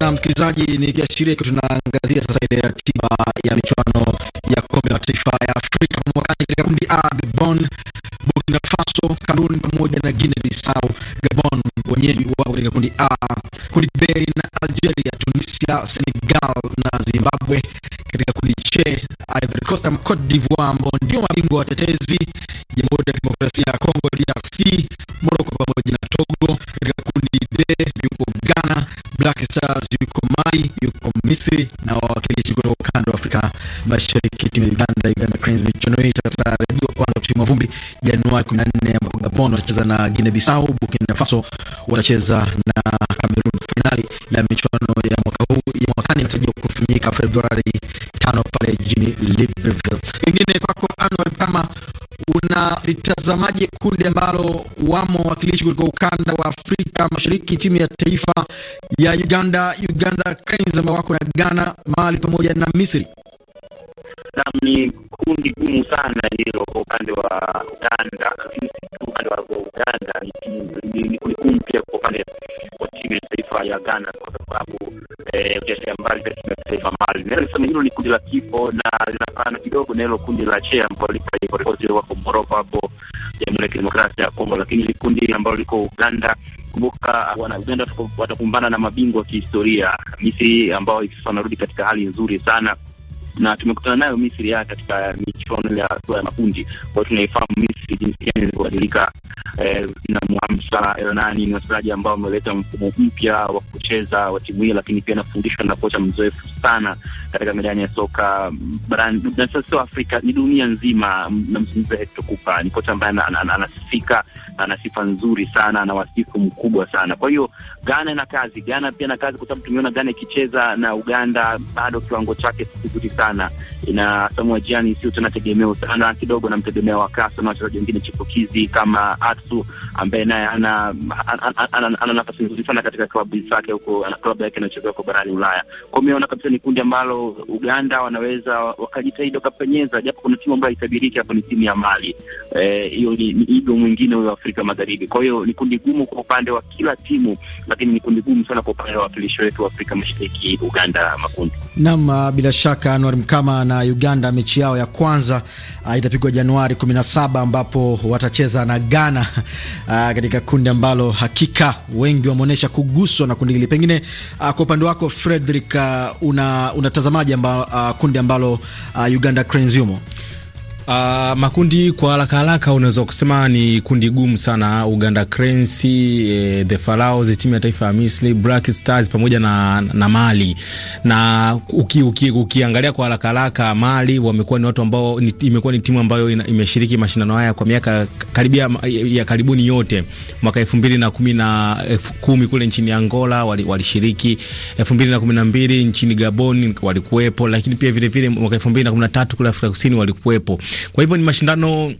na msikilizaji, nikiashiria tunaangazia sasa ile ratiba ya michuano ya kombe mataifa ya Afrika mwakani katika kundi A, Gabon, Burkina Faso, Kamerun pamoja na Guinea Bissau. Gabon wenyeji wao katika kundi A, kundi B na Algeria, Tunisia, Senegal na Zimbabwe. Katika kundi C, Ivory Coast na Cote d'Ivoire ambao ndio mabingwa watetezi, Jamhuri ya demokrasia ya Kongo DRC, Morocco pamoja na Togo. Katika kundi D, yupo Ghana Black Stars yuko Mali, yuko Misri na wawakilishi kutoka ukanda wa Afrika Mashariki timu ya Uganda, Uganda Cranes. Michuano hii itatarajiwa kuanza kutimua vumbi Januari 14 ambapo Gabon watacheza na Guinea Bissau, Burkina Faso watacheza na Cameroon. Fainali ya michuano ya mwaka huu ya mwakani inatarajiwa kufanyika Februari 5 pale jijini Libreville. Pengine kwako Anuel, kama unalitazamaje kundi ambalo wamo wakilishi kutoka ukanda wa Afrika Mashariki, timu ya taifa ya Uganda, Uganda Cranes ambao wako na Ghana, Mali pamoja na Misri? Naam, ni kundi gumu sana hilo kwa upande wa Uganda, upande wa Uganda ni kundi gumu pia kwa upande wa timu ya taifa ya Ghana, kwa sababu eh, ukiachilia mbali pia timu ya taifa Mali. Naweza kusema hilo ni kundi la kifo na linapana kidogo na hilo kundi la chea ambao lipo Ivory Coast, wako Morocco hapo Jamhuri ya Kidemokrasia ya Kongo, lakini ni kundi ambalo liko Uganda Kumbuka wana Uganda watakumbana na mabingwa kihistoria Misri, ambao hivi sasa wanarudi katika hali nzuri sana na tumekutana nayo Misri haya katika michuano ya hatua ya makundi. Kwa hiyo tunaifahamu Misri jinsi gani ilivyobadilika eh, na Mohamed Salah Nani ni wachezaji ambao wameleta mfumo mpya wa kucheza wa timu hiyo, lakini pia anafundishwa na kocha mzoefu sana katika medani ya soka barani, na sio Afrika, ni dunia nzima. Namzungumza Hector Cuper, ni kocha ambaye anasifika ana, ana, ana, ana sifa nzuri sana, ana wasifu mkubwa sana. Kwa hiyo Ghana na kazi, Ghana pia na kazi, kwa sababu tumeona Ghana ikicheza na Uganda bado kiwango chake si kizuri sana na Samuel Jiani sio tena tegemeo sana, kidogo namtegemea wakasa na wachezaji wengine chipukizi kama Atsu ambaye naye ana ana ana, ana, ana nafasi nzuri sana katika klabu zake huko, ana klabu yake inayochezea huko barani Ulaya. Kwa hiyo naona kabisa ni kundi ambalo Uganda wanaweza wakajitahidi wakapenyeza, japo kuna timu ambayo haitabiriki hapo, ni timu ya Mali. E, hiyo e, ni igo mwingine wa Afrika Magharibi. Kwa hiyo ni kundi gumu kwa upande wa kila timu, lakini ni kundi gumu sana kwa upande wa wakilishi wetu wa Afrika Mashariki, Uganda makundi. Naam, bila shaka Anwar Mkama na Uganda. Mechi yao ya kwanza uh, itapigwa Januari 17 ambapo watacheza na Ghana uh, katika kundi ambalo hakika wengi wameonyesha kuguswa na kundi hili. Pengine uh, kwa upande wako Frederick, uh, una amba, uh, kundi ambalo uh, Uganda Cranes yumo? Uh, makundi kwa haraka haraka unaweza kusema ni kundi gumu sana: Uganda Cranes, eh, the Pharaohs, timu ya taifa ya Misri, Black Stars pamoja na, na Mali. Na uki, uki, ukiangalia kwa haraka haraka Mali wamekuwa ni watu ambao imekuwa ni timu ambayo ina, imeshiriki mashindano haya kwa miaka karibia ya karibuni yote. Mwaka 2010 na kule nchini Angola walishiriki, wali 2012 nchini Gabon walikuwepo, lakini pia vile vile mwaka 2013 kule Afrika Kusini walikuwepo. Kwa hivyo ni mashindano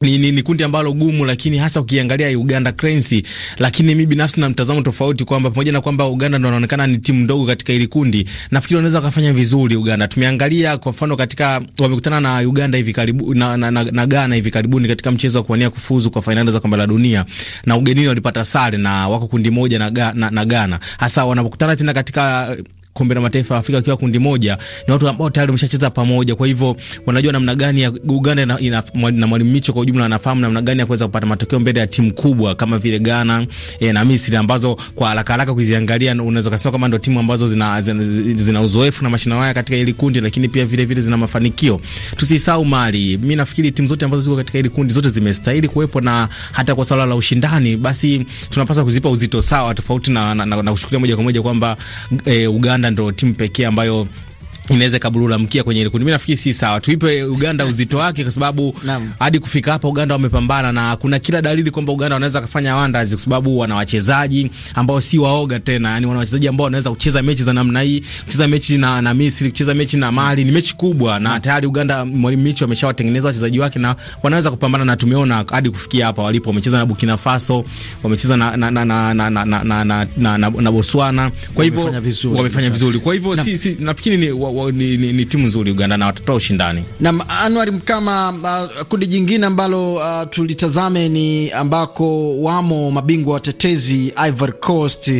ni, ni, ni kundi ambalo gumu, lakini hasa ukiangalia Uganda Cranes. Lakini mimi binafsi na mtazamo tofauti kwamba pamoja na kwamba Uganda ndo anaonekana ni timu ndogo katika hili kundi, nafikiri wanaweza wakafanya vizuri. Uganda tumeangalia kwa mfano katika wamekutana na Uganda hivi karibu na, na, na, na Ghana hivi karibuni katika mchezo wa kuwania kufuzu kwa fainali za kombe la dunia, na ugenini walipata sare na wako kundi moja na, na, na Ghana. Hasa wanapokutana tena katika kombe la mataifa ya Afrika wakiwa kundi moja, ni watu ambao tayari wameshacheza pamoja, kwa hivyo wanajua namna gani ya Uganda na, ina, na mwalimu Micho kwa ujumla anafahamu namna gani ya kuweza kupata matokeo mbele ya timu kubwa kama vile Ghana e, na Misri ambazo kwa haraka haraka kuziangalia unaweza kusema kama ndio timu ambazo zina, zina, zina uzoefu na mashindano haya katika hili kundi, lakini pia vile vile zina mafanikio. Tusisahau Mali. Mimi nafikiri timu zote ambazo ziko katika hili kundi zote zimestahili kuwepo, na hata kwa swala la ushindani basi tunapaswa kuzipa uzito sawa, tofauti na, na, na, na kuchukulia moja kwa moja kwamba e, Uganda ndo timu pekee ambayo inaweza kaburura mkia kwenye ile kundi. Mimi nafikiri si sawa, tuipe Uganda uzito wake, kwa sababu hadi kufika hapa Uganda wamepambana, na kuna kila dalili kwamba Uganda wanaweza kufanya wonders, kwa sababu wana wachezaji ambao si waoga tena, yani wana wachezaji ambao wanaweza kucheza mechi za namna hii, kucheza mechi na, na Misri, kucheza mechi na Mali. Ni mechi kubwa, na tayari Uganda, mwalimu Micho ameshawatengeneza wachezaji wake na wanaweza kupambana, na tumeona hadi kufikia hapa walipo. Wamecheza na Burkina Faso, wamecheza na na na na na na, na, na, na, na Botswana, kwa hivyo wamefanya vizuri. Kwa hivyo si, si nafikiri ni ni, ni, ni timu nzuri Uganda na watatoa ushindani. Naam, Anuari Mkama, uh, kundi jingine ambalo uh, tulitazame ni ambako wamo mabingwa watetezi Ivory Coast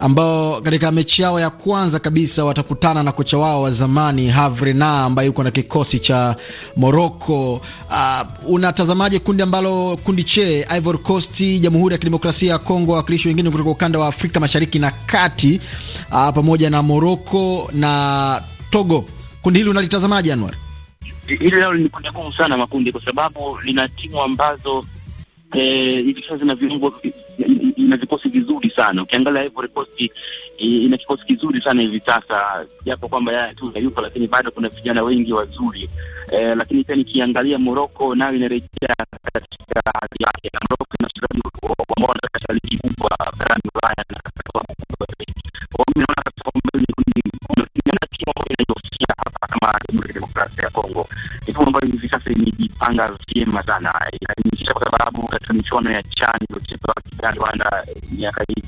ambao katika mechi yao ya kwanza kabisa watakutana na kocha wao wa zamani Havrena ambaye yuko na kikosi cha Morocco. Uh, unatazamaje kundi ambalo kundi che Ivory Coast, Jamhuri ya Kidemokrasia ya Kongo, wawakilishi wengine kutoka ukanda wa Afrika Mashariki na Kati uh, pamoja na Morocco na Togo. Kundi hili unalitazamaje, Januari? Hili nalo ni kundi gumu sana makundi, kwa sababu lina timu ambazo eh, hivi sasa zina viungo ina vikosi vizuri sana. Ukiangalia Ivory Coast ina kikosi kizuri sana hivi sasa, japo kwamba yeye tu hayupo, lakini bado kuna vijana wengi wazuri eh. Lakini pia nikiangalia Morocco nayo inarejea katika hali yake. Morocco ina wachezaji wamejipanga vyema sana. Inanisha kwa sababu katika michuano ya CHAN iliyopigwa Kigali Rwanda miaka hii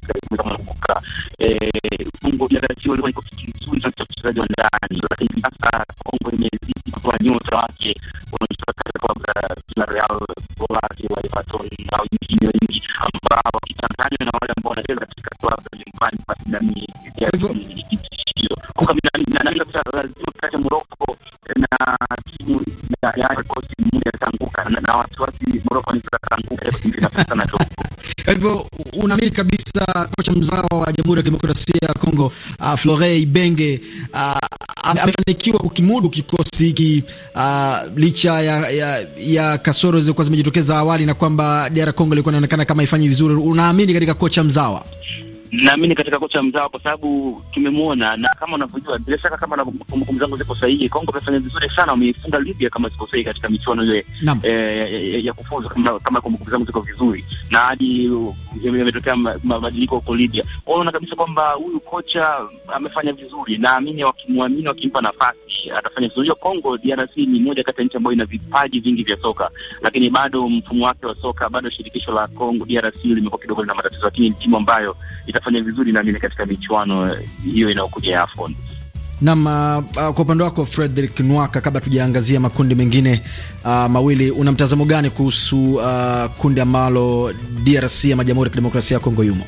mzao wa Jamhuri ya Kidemokrasia ya Kongo uh, Florent Ibenge uh, amefanikiwa kukimudu kikosi hiki uh, licha ya, ya, ya kasoro zilizokuwa zimejitokeza awali na kwamba DR Congo ilikuwa inaonekana kama ifanyi vizuri. Unaamini katika kocha mzawa? naamini katika kocha mzao kwa sababu tumemwona, na kama unavyojua, bila shaka, kama na kumbukumbu zangu ziko sahihi, Kongo imefanya vizuri sana, wameifunga Libya kama siko sahihi katika michuano ile e, ya, ya kufuzu, kama, kama kumbukumbu zangu ziko vizuri, na hadi yametokea mabadiliko huko Libya. Kwa hiyo kabisa kwamba huyu kocha amefanya vizuri, naamini wakimwamini, wakimpa nafasi atafanya vizuri. Hiyo Kongo DRC ni moja kati ya nchi ambayo ina vipaji vingi vya soka, lakini bado mfumo wake wa soka, bado shirikisho la Kongo DRC limekuwa kidogo lina matatizo, lakini timu ambayo ita nitafanya vizuri nami katika michuano eh, hiyo inayokuja ya AFCON. Naam, uh, uh, kwa upande wako Frederick Nwaka, kabla tujaangazia makundi mengine uh, mawili, una mtazamo gani kuhusu uh, kundi ambalo DRC ama Jamhuri ya Kidemokrasia ya Kongo yumo?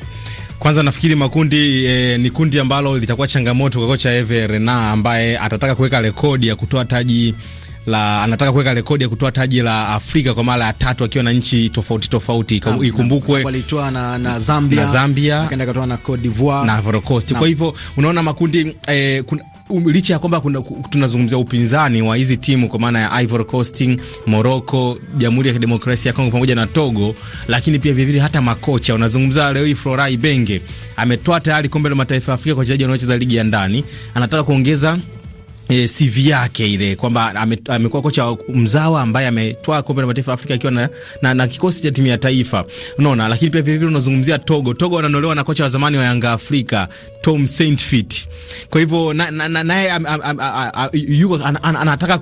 Kwanza nafikiri makundi eh, ni kundi ambalo litakuwa changamoto kwa kocha Herve Renard ambaye atataka kuweka rekodi ya kutoa taji la anataka kuweka rekodi ya kutoa taji la Afrika kwa mara ya tatu akiwa na nchi tofauti tofauti. Ikumbukwe alitoa na, na Zambia, na Zambia akaenda katoa na Cote d'Ivoire na Ivory Coast. Kwa hivyo unaona makundi eh, kuna, um, licha ya kwamba tunazungumzia upinzani wa hizi timu kwa maana ya Ivory Coast, Morocco, Jamhuri ya Kidemokrasia ya Kongo pamoja na Togo, lakini pia vivili hata makocha unazungumza leo hii Florai Benge ametoa tayari kombe la mataifa ya Afrika kwa wachezaji wanaocheza ligi ya ndani, anataka kuongeza E, CV yake ile kwamba amekuwa ame kocha mzawa ambaye ametoa kombe la mataifa Afrika akiwa na, na, na kikosi cha timu ya taifa unaona. Lakini pia vilevile unazungumzia Togo. Togo wananolewa na kocha wa zamani wa Yanga Afrika Tom Saintfiet. Kwa hivyo naye na, na, yuko an, an, anataka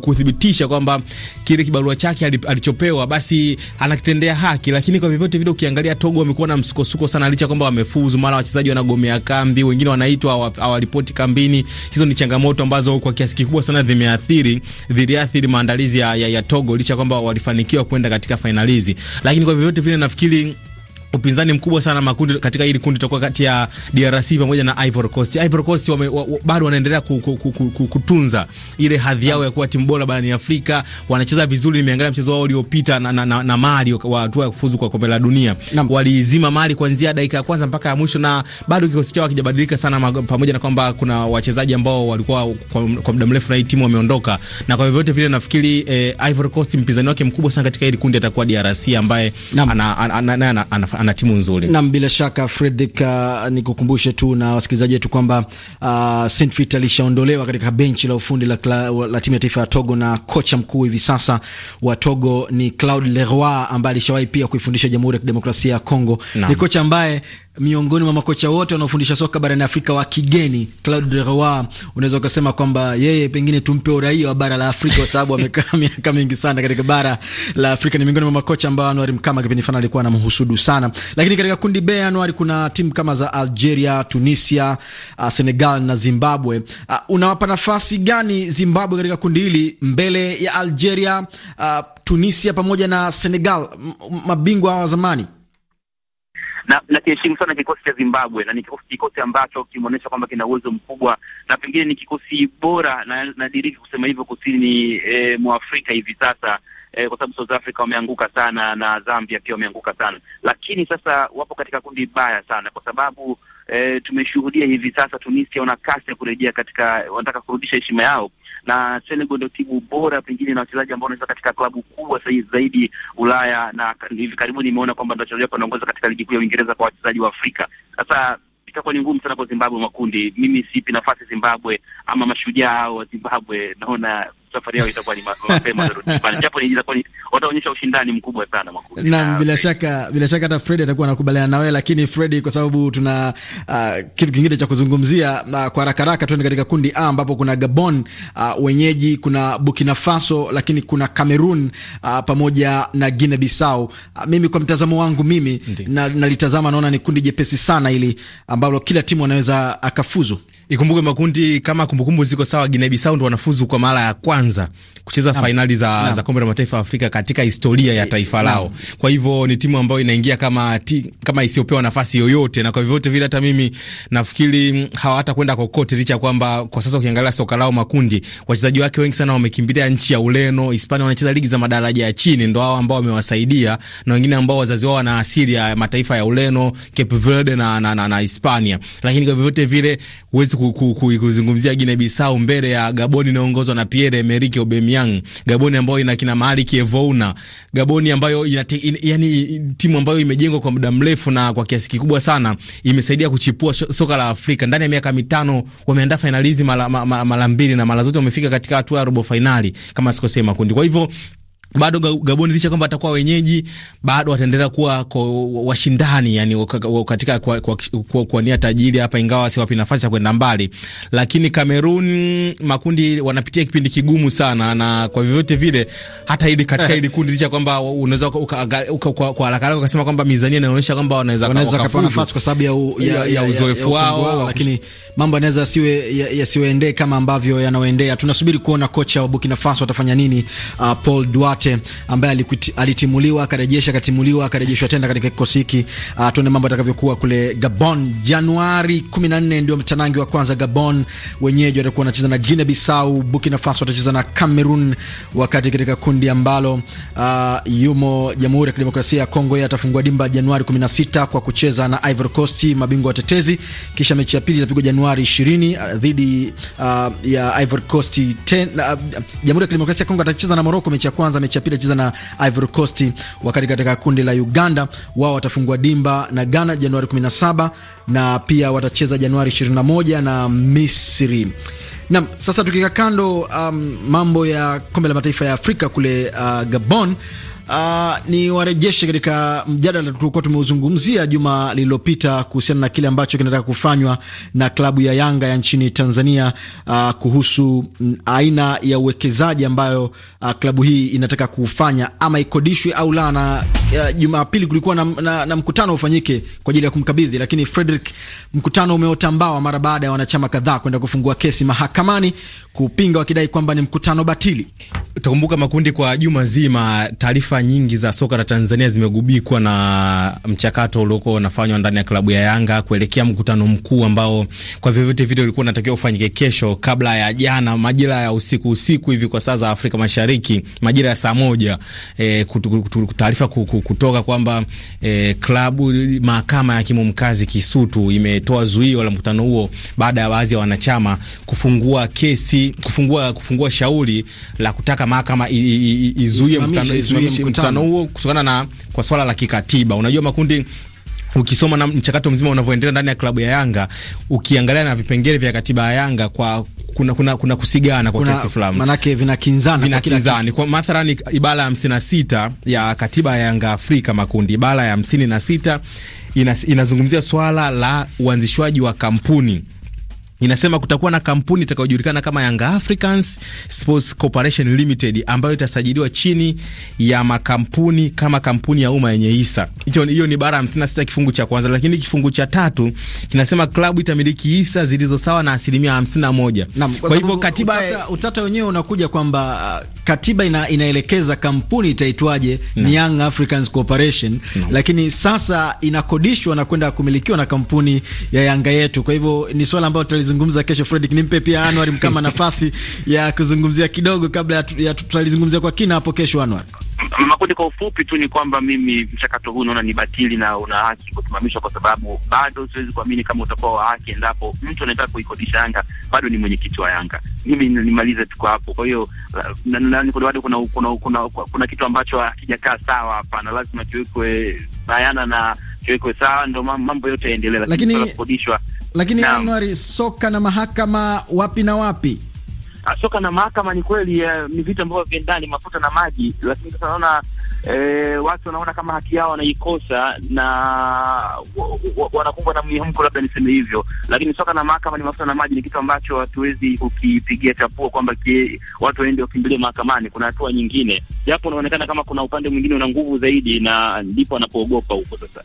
kuthibitisha kwamba kile kibarua chake alichopewa basi anakitendea haki, lakini kwa vyovyote vile ukiangalia Togo wamekuwa na msukosuko sana, licha kwamba wamefuzu, mara wachezaji wanagomea kambi, wengine wanaitwa hawaripoti kambini. Hizo ni changamoto changamoto ambazo kwa kiasi kikubwa sana zimeathiri ziliathiri maandalizi ya, ya, ya Togo licha kwamba walifanikiwa kwenda katika fainali hizi, lakini kwa vyovyote vile nafikiri upinzani mkubwa sana makundi katika hili kundi litakuwa kati ya DRC pamoja na Ivory Coast. Ivory Coast wame, wa, wa, bado wanaendelea ku, ku, ku, ku, kutunza ile hadhi yao ya kuwa timu bora barani Afrika. Wanacheza vizuri, nimeangalia mchezo wao uliopita na, na, na, na Mali wa hatua ya kufuzu kwa kombe la dunia. walizima Mali kuanzia dakika ya kwanza mpaka ya mwisho, na bado kikosi chao hakijabadilika sana, pamoja na kwamba kuna wachezaji ambao walikuwa kwa, kwa muda mrefu na hii timu wameondoka, na kwa vyovyote vile nafikiri eh, Ivory Coast mpinzani wake mkubwa sana katika hili kundi atakuwa DRC ambaye ana, ana, ana, ana, ana, ana, ana ana timu nzuri. Naam, bila shaka Fredrick, uh, nikukumbushe tu na wasikilizaji wetu kwamba uh, Saint Fit alishaondolewa katika benchi la ufundi la, la, la timu ya taifa ya Togo na kocha mkuu hivi sasa wa Togo ni Claude Leroy ambaye alishawahi pia kuifundisha Jamhuri ya Kidemokrasia ya Kongo. Ni kocha ambaye miongoni mwa makocha wote wanaofundisha soka barani Afrika wa kigeni, Claude Leroy, unaweza ukasema kwamba yeye pengine tumpe uraia wa bara la Afrika kwa sababu amekaa miaka mingi sana katika bara la Afrika. Ni miongoni mwa makocha ambao Anuari Mkama kipindi fulani alikuwa anamhusudu sana. Lakini katika kundi B Anuari, kuna timu kama za Algeria, Tunisia, uh, Senegal na Zimbabwe. Uh, unawapa nafasi gani Zimbabwe katika kundi hili mbele ya Algeria, uh, Tunisia pamoja na Senegal, mabingwa wa zamani? na nakiheshimu sana kikosi cha Zimbabwe na ni kikosi ambacho kimeonyesha kwamba kina uwezo mkubwa na pengine ni kikosi bora na nadiriki kusema hivyo kusini e, mwa Afrika hivi sasa e, kwa sababu South Africa wameanguka sana na Zambia pia wameanguka sana, lakini sasa wapo katika kundi baya sana kwa sababu e, tumeshuhudia hivi sasa Tunisia wana kasi ya kurejea katika, wanataka kurudisha heshima yao na Senegal ndio timu bora pengine na wachezaji ambao wanacheza katika klabu kubwa sasa zaidi Ulaya, na hivi karibuni nimeona kwamba ndio wachezaji wanaongoza katika ligi kuu ya Uingereza kwa wachezaji wa Afrika. Sasa itakuwa ni ngumu sana kwa Zimbabwe makundi. Mimi sipi nafasi Zimbabwe ama mashujaa wa Zimbabwe, naona safari yao itakuwa ni mapema watarudi pale, japo itakuwa wataonyesha ushindani mkubwa sana makundi. Naam, bila shaka bila shaka hata Fred atakuwa anakubaliana na wewe, lakini Fred, kwa sababu tuna uh, kitu kingine cha kuzungumzia uh, kwa haraka haraka, twende katika kundi A ambapo kuna Gabon uh, wenyeji, kuna Burkina Faso, lakini kuna Cameroon uh, pamoja na Guinea Bissau. Uh, mimi kwa mtazamo wangu mimi nalitazama na, naona ni kundi jepesi sana ili ambalo kila timu anaweza akafuzu. Ikumbuke makundi kama kumbukumbu ziko sawa, Guinea Bissau ndo wanafuzu kwa mara ya kwanza kucheza fainali za, za kombe la mataifa ya Afrika katika historia ya e, taifa lao. Kwa hivyo ni timu ambayo inaingia kama, kama isiyopewa nafasi yoyote, na kwa vyovyote vile hata mimi nafikiri mm, hawa hata kwenda kokote, licha kwamba kwa sasa ukiangalia soka lao makundi, wachezaji wake wengi sana wamekimbilia nchi ya Ureno, Hispania, wanacheza ligi za madaraja ya chini, ndo hao ambao wamewasaidia na wengine ambao wazazi wao wana asili ya mataifa ya Ureno, Cape Verde na, na, na, na Hispania, lakini kwa vyovyote vile huwezi kuzungumzia kuizungumzia Guinea mbele ya Gaboni inaongozwa na Pierre Emerick Aubameyang, Gaboni ambayo ina kina Malik Evouna, Gaboni ambayo ina yani timu ambayo imejengwa kwa muda mrefu na kwa kiasi kikubwa sana imesaidia kuchipua soka la Afrika. Ndani ya miaka mitano wameandaa finalizi mara mara mbili na mara zote wamefika katika hatua ya robo finali kama sikosema kundi. Kwa hivyo bado Gaboni licha kwamba watakuwa wenyeji bado wataendelea kuwa washindani yani, katika kuwania tajiri hapa, ingawa siwapi nafasi ya kwenda mbali. Lakini Kamerun makundi wanapitia kipindi kigumu sana, na kwa vyovyote vile hata ili katika hili kundi licha kwamba unaweza kwa haraka haraka ukasema kwamba mizania inaonyesha kwamba wanaweza wanaweza kupata nafasi kwa sababu ya ya ya, ya uzoefu wao, lakini mambo yanaweza siwe yasiwe yasiweendee kama ambavyo yanaoendea. Tunasubiri kuona kocha wa Burkina Faso atafanya nini, Uh, Paul Duarte Kante ambaye alitimuliwa akarejesha akatimuliwa akarejeshwa tena katika kikosi hiki. Uh, tuone mambo atakavyokuwa kule Gabon. Januari 14 ndio mtanangi wa kwanza. Gabon wenyeji watakuwa wanacheza na Guinea Bissau, Burkina Faso watacheza na Cameroon, wakati katika kundi ambalo uh, yumo Jamhuri ya Kidemokrasia ya Kongo, yeye atafungua dimba Januari 16 kwa kucheza na Ivory Coast, mabingwa watetezi, kisha mechi ya pili itapigwa Januari 20 ah, dhidi uh, ya Ivory Coast. 10 uh, Jamhuri ya Kidemokrasia ya Kongo atacheza na Morocco mechi ya kwanza mechi ya pili cheza na Ivory Coast, wakati katika kundi la Uganda wao watafungua dimba na Ghana Januari 17 na pia watacheza Januari 21 na Misri. Nam, sasa tukika kando um, mambo ya kombe la mataifa ya Afrika kule uh, Gabon Uh, ni warejeshe katika mjadala tulikuwa tumeuzungumzia juma lililopita kuhusiana na kile ambacho kinataka kufanywa na klabu ya Yanga ya nchini Tanzania, uh, kuhusu mm, aina ya uwekezaji ambayo uh, klabu hii inataka kufanya ama ikodishwe au la, na uh, Jumapili kulikuwa na, na, na mkutano ufanyike kwa ajili ya kumkabidhi, lakini Frederick, mkutano umeotambawa mara baada ya wanachama kadhaa kwenda kufungua kesi mahakamani kupinga wakidai kwamba ni mkutano batili. Utakumbuka makundi, kwa juma zima taarifa nyingi za soka la Tanzania zimegubikwa na mchakato ulioko unafanywa ndani ya klabu ya Yanga kuelekea mkutano mkuu ambao kwa vyovyote vile ulikuwa unatakiwa ufanyike kesho, kabla ya jana, majira ya usiku usiku hivi kwa saa za Afrika Mashariki, majira ya saa moja, e, taarifa kutoka kwamba e, klabu mahakama ya hakimu mkazi Kisutu imetoa zuio la mkutano huo baada ya baadhi ya wanachama kufungua kesi kufungua kufungua shauri la kutaka mahakama izuie mkutano huo kutokana na kwa swala la kikatiba. Unajua makundi ukisoma na mchakato mzima unavyoendelea ndani ya klabu ya Yanga, ukiangalia na vipengele vya katiba ya Yanga kwa kuna kuna, kuna kusigana kwa kiasi fulani, manake vinakinzana, vina kwa mathalani, ibara ya 56 ya katiba ya Yanga Afrika makundi, ibara ya 56 inazungumzia swala la uanzishwaji wa kampuni inasema kutakuwa na kampuni itakayojulikana kama Young Africans Sports Corporation Limited ambayo itasajiliwa chini ya makampuni kama kampuni ya umma yenye hisa. Hiyo ni bara 56 kifungu cha kwanza, lakini kifungu cha tatu kinasema klabu itamiliki hisa zilizo sawa na asilimia 51. Kwa, kwa hivyo katiba utata, utata wenyewe unakuja kwamba uh, katiba ina, inaelekeza kampuni itaitwaje ni Young Africans Corporation, lakini sasa inakodishwa na kwenda kumilikiwa na kampuni ya Yanga yetu. Kwa hivyo ni swala ambalo tutalizungumza kesho. Fredrick, nimpe pia Anwar Mkama nafasi ya kuzungumzia kidogo kabla ya tutalizungumzia kwa kina hapo kesho. Anwar Makundi, kwa ufupi tu ni kwamba mimi mchakato huu naona ni batili na una haki kusimamishwa, kwa sababu bado siwezi kuamini kama utakuwa wa haki endapo mtu anataka kuikodisha Yanga bado ni mwenyekiti wa Yanga. Mimi nimalize tu kwa hapo. Kwa hiyo uh, bado kuna, kuna, kuna, kuna kitu ambacho hakijakaa sawa hapa na lazima kiwekwe bayana na kiwekwe sawa, ndio mambo yote yaendelee, lakini kukodishwa lakini no. Januari, soka na mahakama wapi na wapi? Ah, soka na mahakama ni kweli eh, ni vitu ambavyo viendani mafuta na maji, lakini sasa naona eh, watu wanaona kama haki yao wanaikosa na wanakumbwa na mihemko, labda niseme hivyo. Lakini soka na mahakama ni mafuta na maji, ni kitu ambacho hatuwezi kukipigia chapuo kwamba watu waende wakimbilie mahakamani. Kuna hatua nyingine, japo unaonekana kama kuna upande mwingine una nguvu zaidi, na ndipo wanapoogopa huko sasa.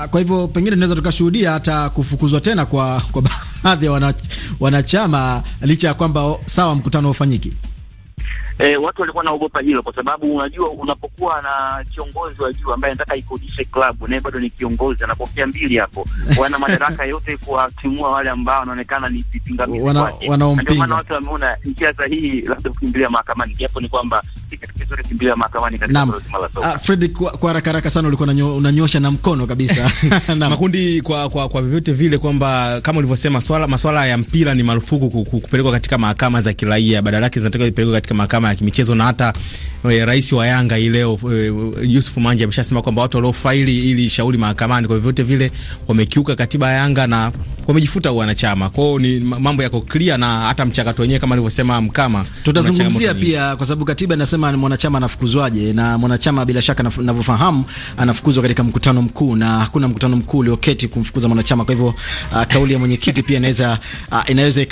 Ah, kwa hivyo pengine tunaweza tukashuhudia hata kufukuzwa tena kwa, kwa baadhi ya wanachama licha ya kwamba sawa mkutano ufanyike. E, eh, watu walikuwa naogopa hilo kwa sababu unajua, unapokuwa na kiongozi wa juu ambaye anataka ikodishe klabu naye bado ni kiongozi, anapokea mbili hapo, wana madaraka yote kuwatimua wale ambao wanaonekana ni vipingamizi wake. Ndio maana watu wameona njia sahihi labda kukimbilia mahakamani, japo ni kwamba kinachokimbia ah, kwa haraka haraka sana ulikuwa unanyosha na mkono kabisa makundi kwa kwa, kwa vyovyote vile kwamba kama ulivyosema maswala ya mpira ni marufuku kupelekwa katika mahakama za kiraia, badala yake zinatakiwa kupelekwa katika mahakama ya kimichezo, na hata e, rais wa Yanga hii leo e, Yusuf Manji ameshasema kwamba watu waliofaili ili shauri mahakamani kwa vyovyote vile wamekiuka katiba ya Yanga na wamejifuta wanachama. kwao. ni mambo yako clear, na hata mchakato wenyewe kama alivyosema Mkama tutazungumzia pia, kwa sababu katiba inasema unavyosema mwanachama anafukuzwaje, na mwanachama bila shaka ninavyofahamu anafukuzwa katika mkutano mkuu, na hakuna mkutano mkuu ulioketi kumfukuza mwanachama. Kwa hivyo uh, kauli ya mwenyekiti pia inaweza uh, inaweza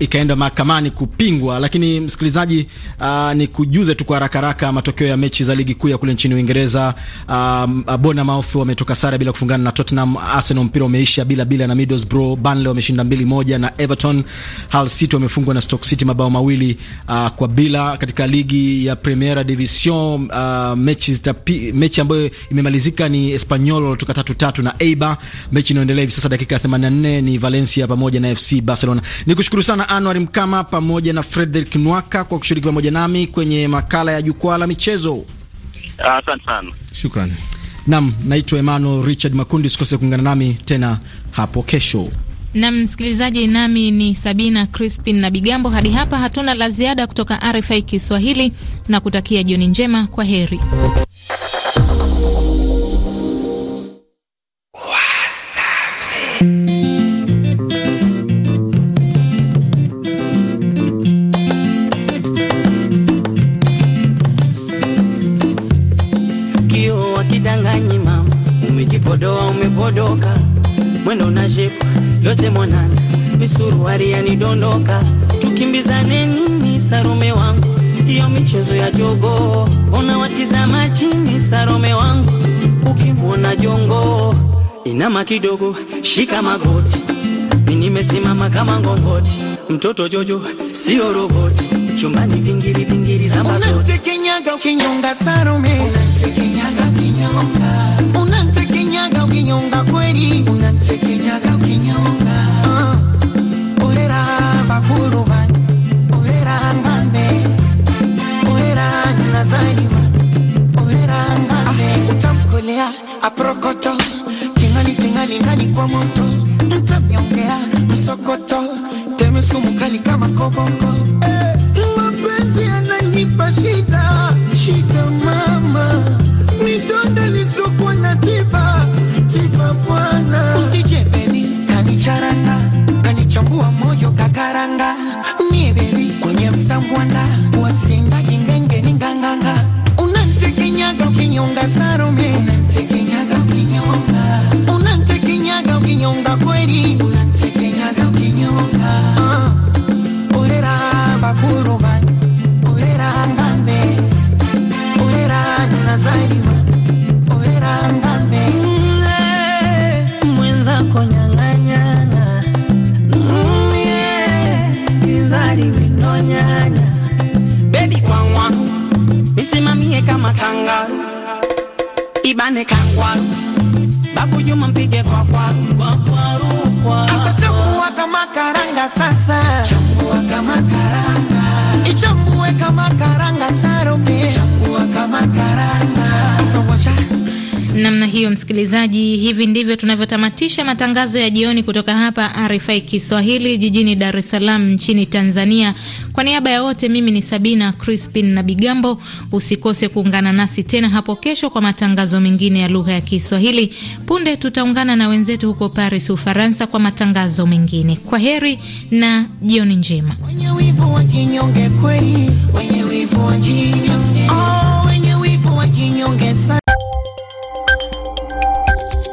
ikaenda mahakamani kupingwa. Lakini msikilizaji, uh, ni kujuze tu kwa haraka haraka matokeo ya mechi za ligi kuu ya kule nchini Uingereza. Uh, Bournemouth wametoka sare bila kufungana na Tottenham. Arsenal mpira umeisha bila bila na Middlesbrough. Burnley wameshinda mbili moja na Everton. Hull City wamefungwa na Stoke City mabao mawili uh, kwa bila katika ligi ya Premier Primera Division. Uh, mechi zitapi, mechi ambayo imemalizika ni Espanyol walitoka tatu tatu na Eibar. Mechi inaendelea hivi sasa dakika 84 ni Valencia pamoja na FC Barcelona. Nikushukuru sana Anwar Mkama pamoja na Frederick Nwaka kwa kushiriki pamoja nami kwenye makala ya jukwaa la michezo. Asante uh, sana. Shukrani. Naam, naitwa Emmanuel Richard Makundi, usikose kuungana nami tena hapo kesho. Na msikilizaji, nami ni Sabina Crispin na Bigambo. Hadi hapa hatuna la ziada kutoka RFI Kiswahili na kutakia jioni njema, kwa heri. Kio wakidanganyima, umejipodoa umepodoka, mwendo unashipa yote mwanana, misuruari yanidondoka, tukimbizane nini Sarume wangu, iyo michezo ya jogo, ona watizama chini Sarume wangu, ukimwona jongo inama kidogo, shika magoti, nimesimama kama ngongoti, mtoto Jojo sio roboti, chumbani vingiri vingiri, zamba zote, unatekenyaga ukinyonga Sarume, unatekenyaga ukinyonga kukinyonga kweli unanichekesha uh, ah. orera bakuru matangazo ya jioni kutoka hapa RFI Kiswahili jijini Dar es Salaam nchini Tanzania. Kwa niaba ya wote, mimi ni Sabina Crispin na Bigambo. Usikose kuungana nasi tena hapo kesho kwa matangazo mengine ya lugha ya Kiswahili. Punde tutaungana na wenzetu huko Paris, Ufaransa, kwa matangazo mengine. Kwa heri na jioni njema.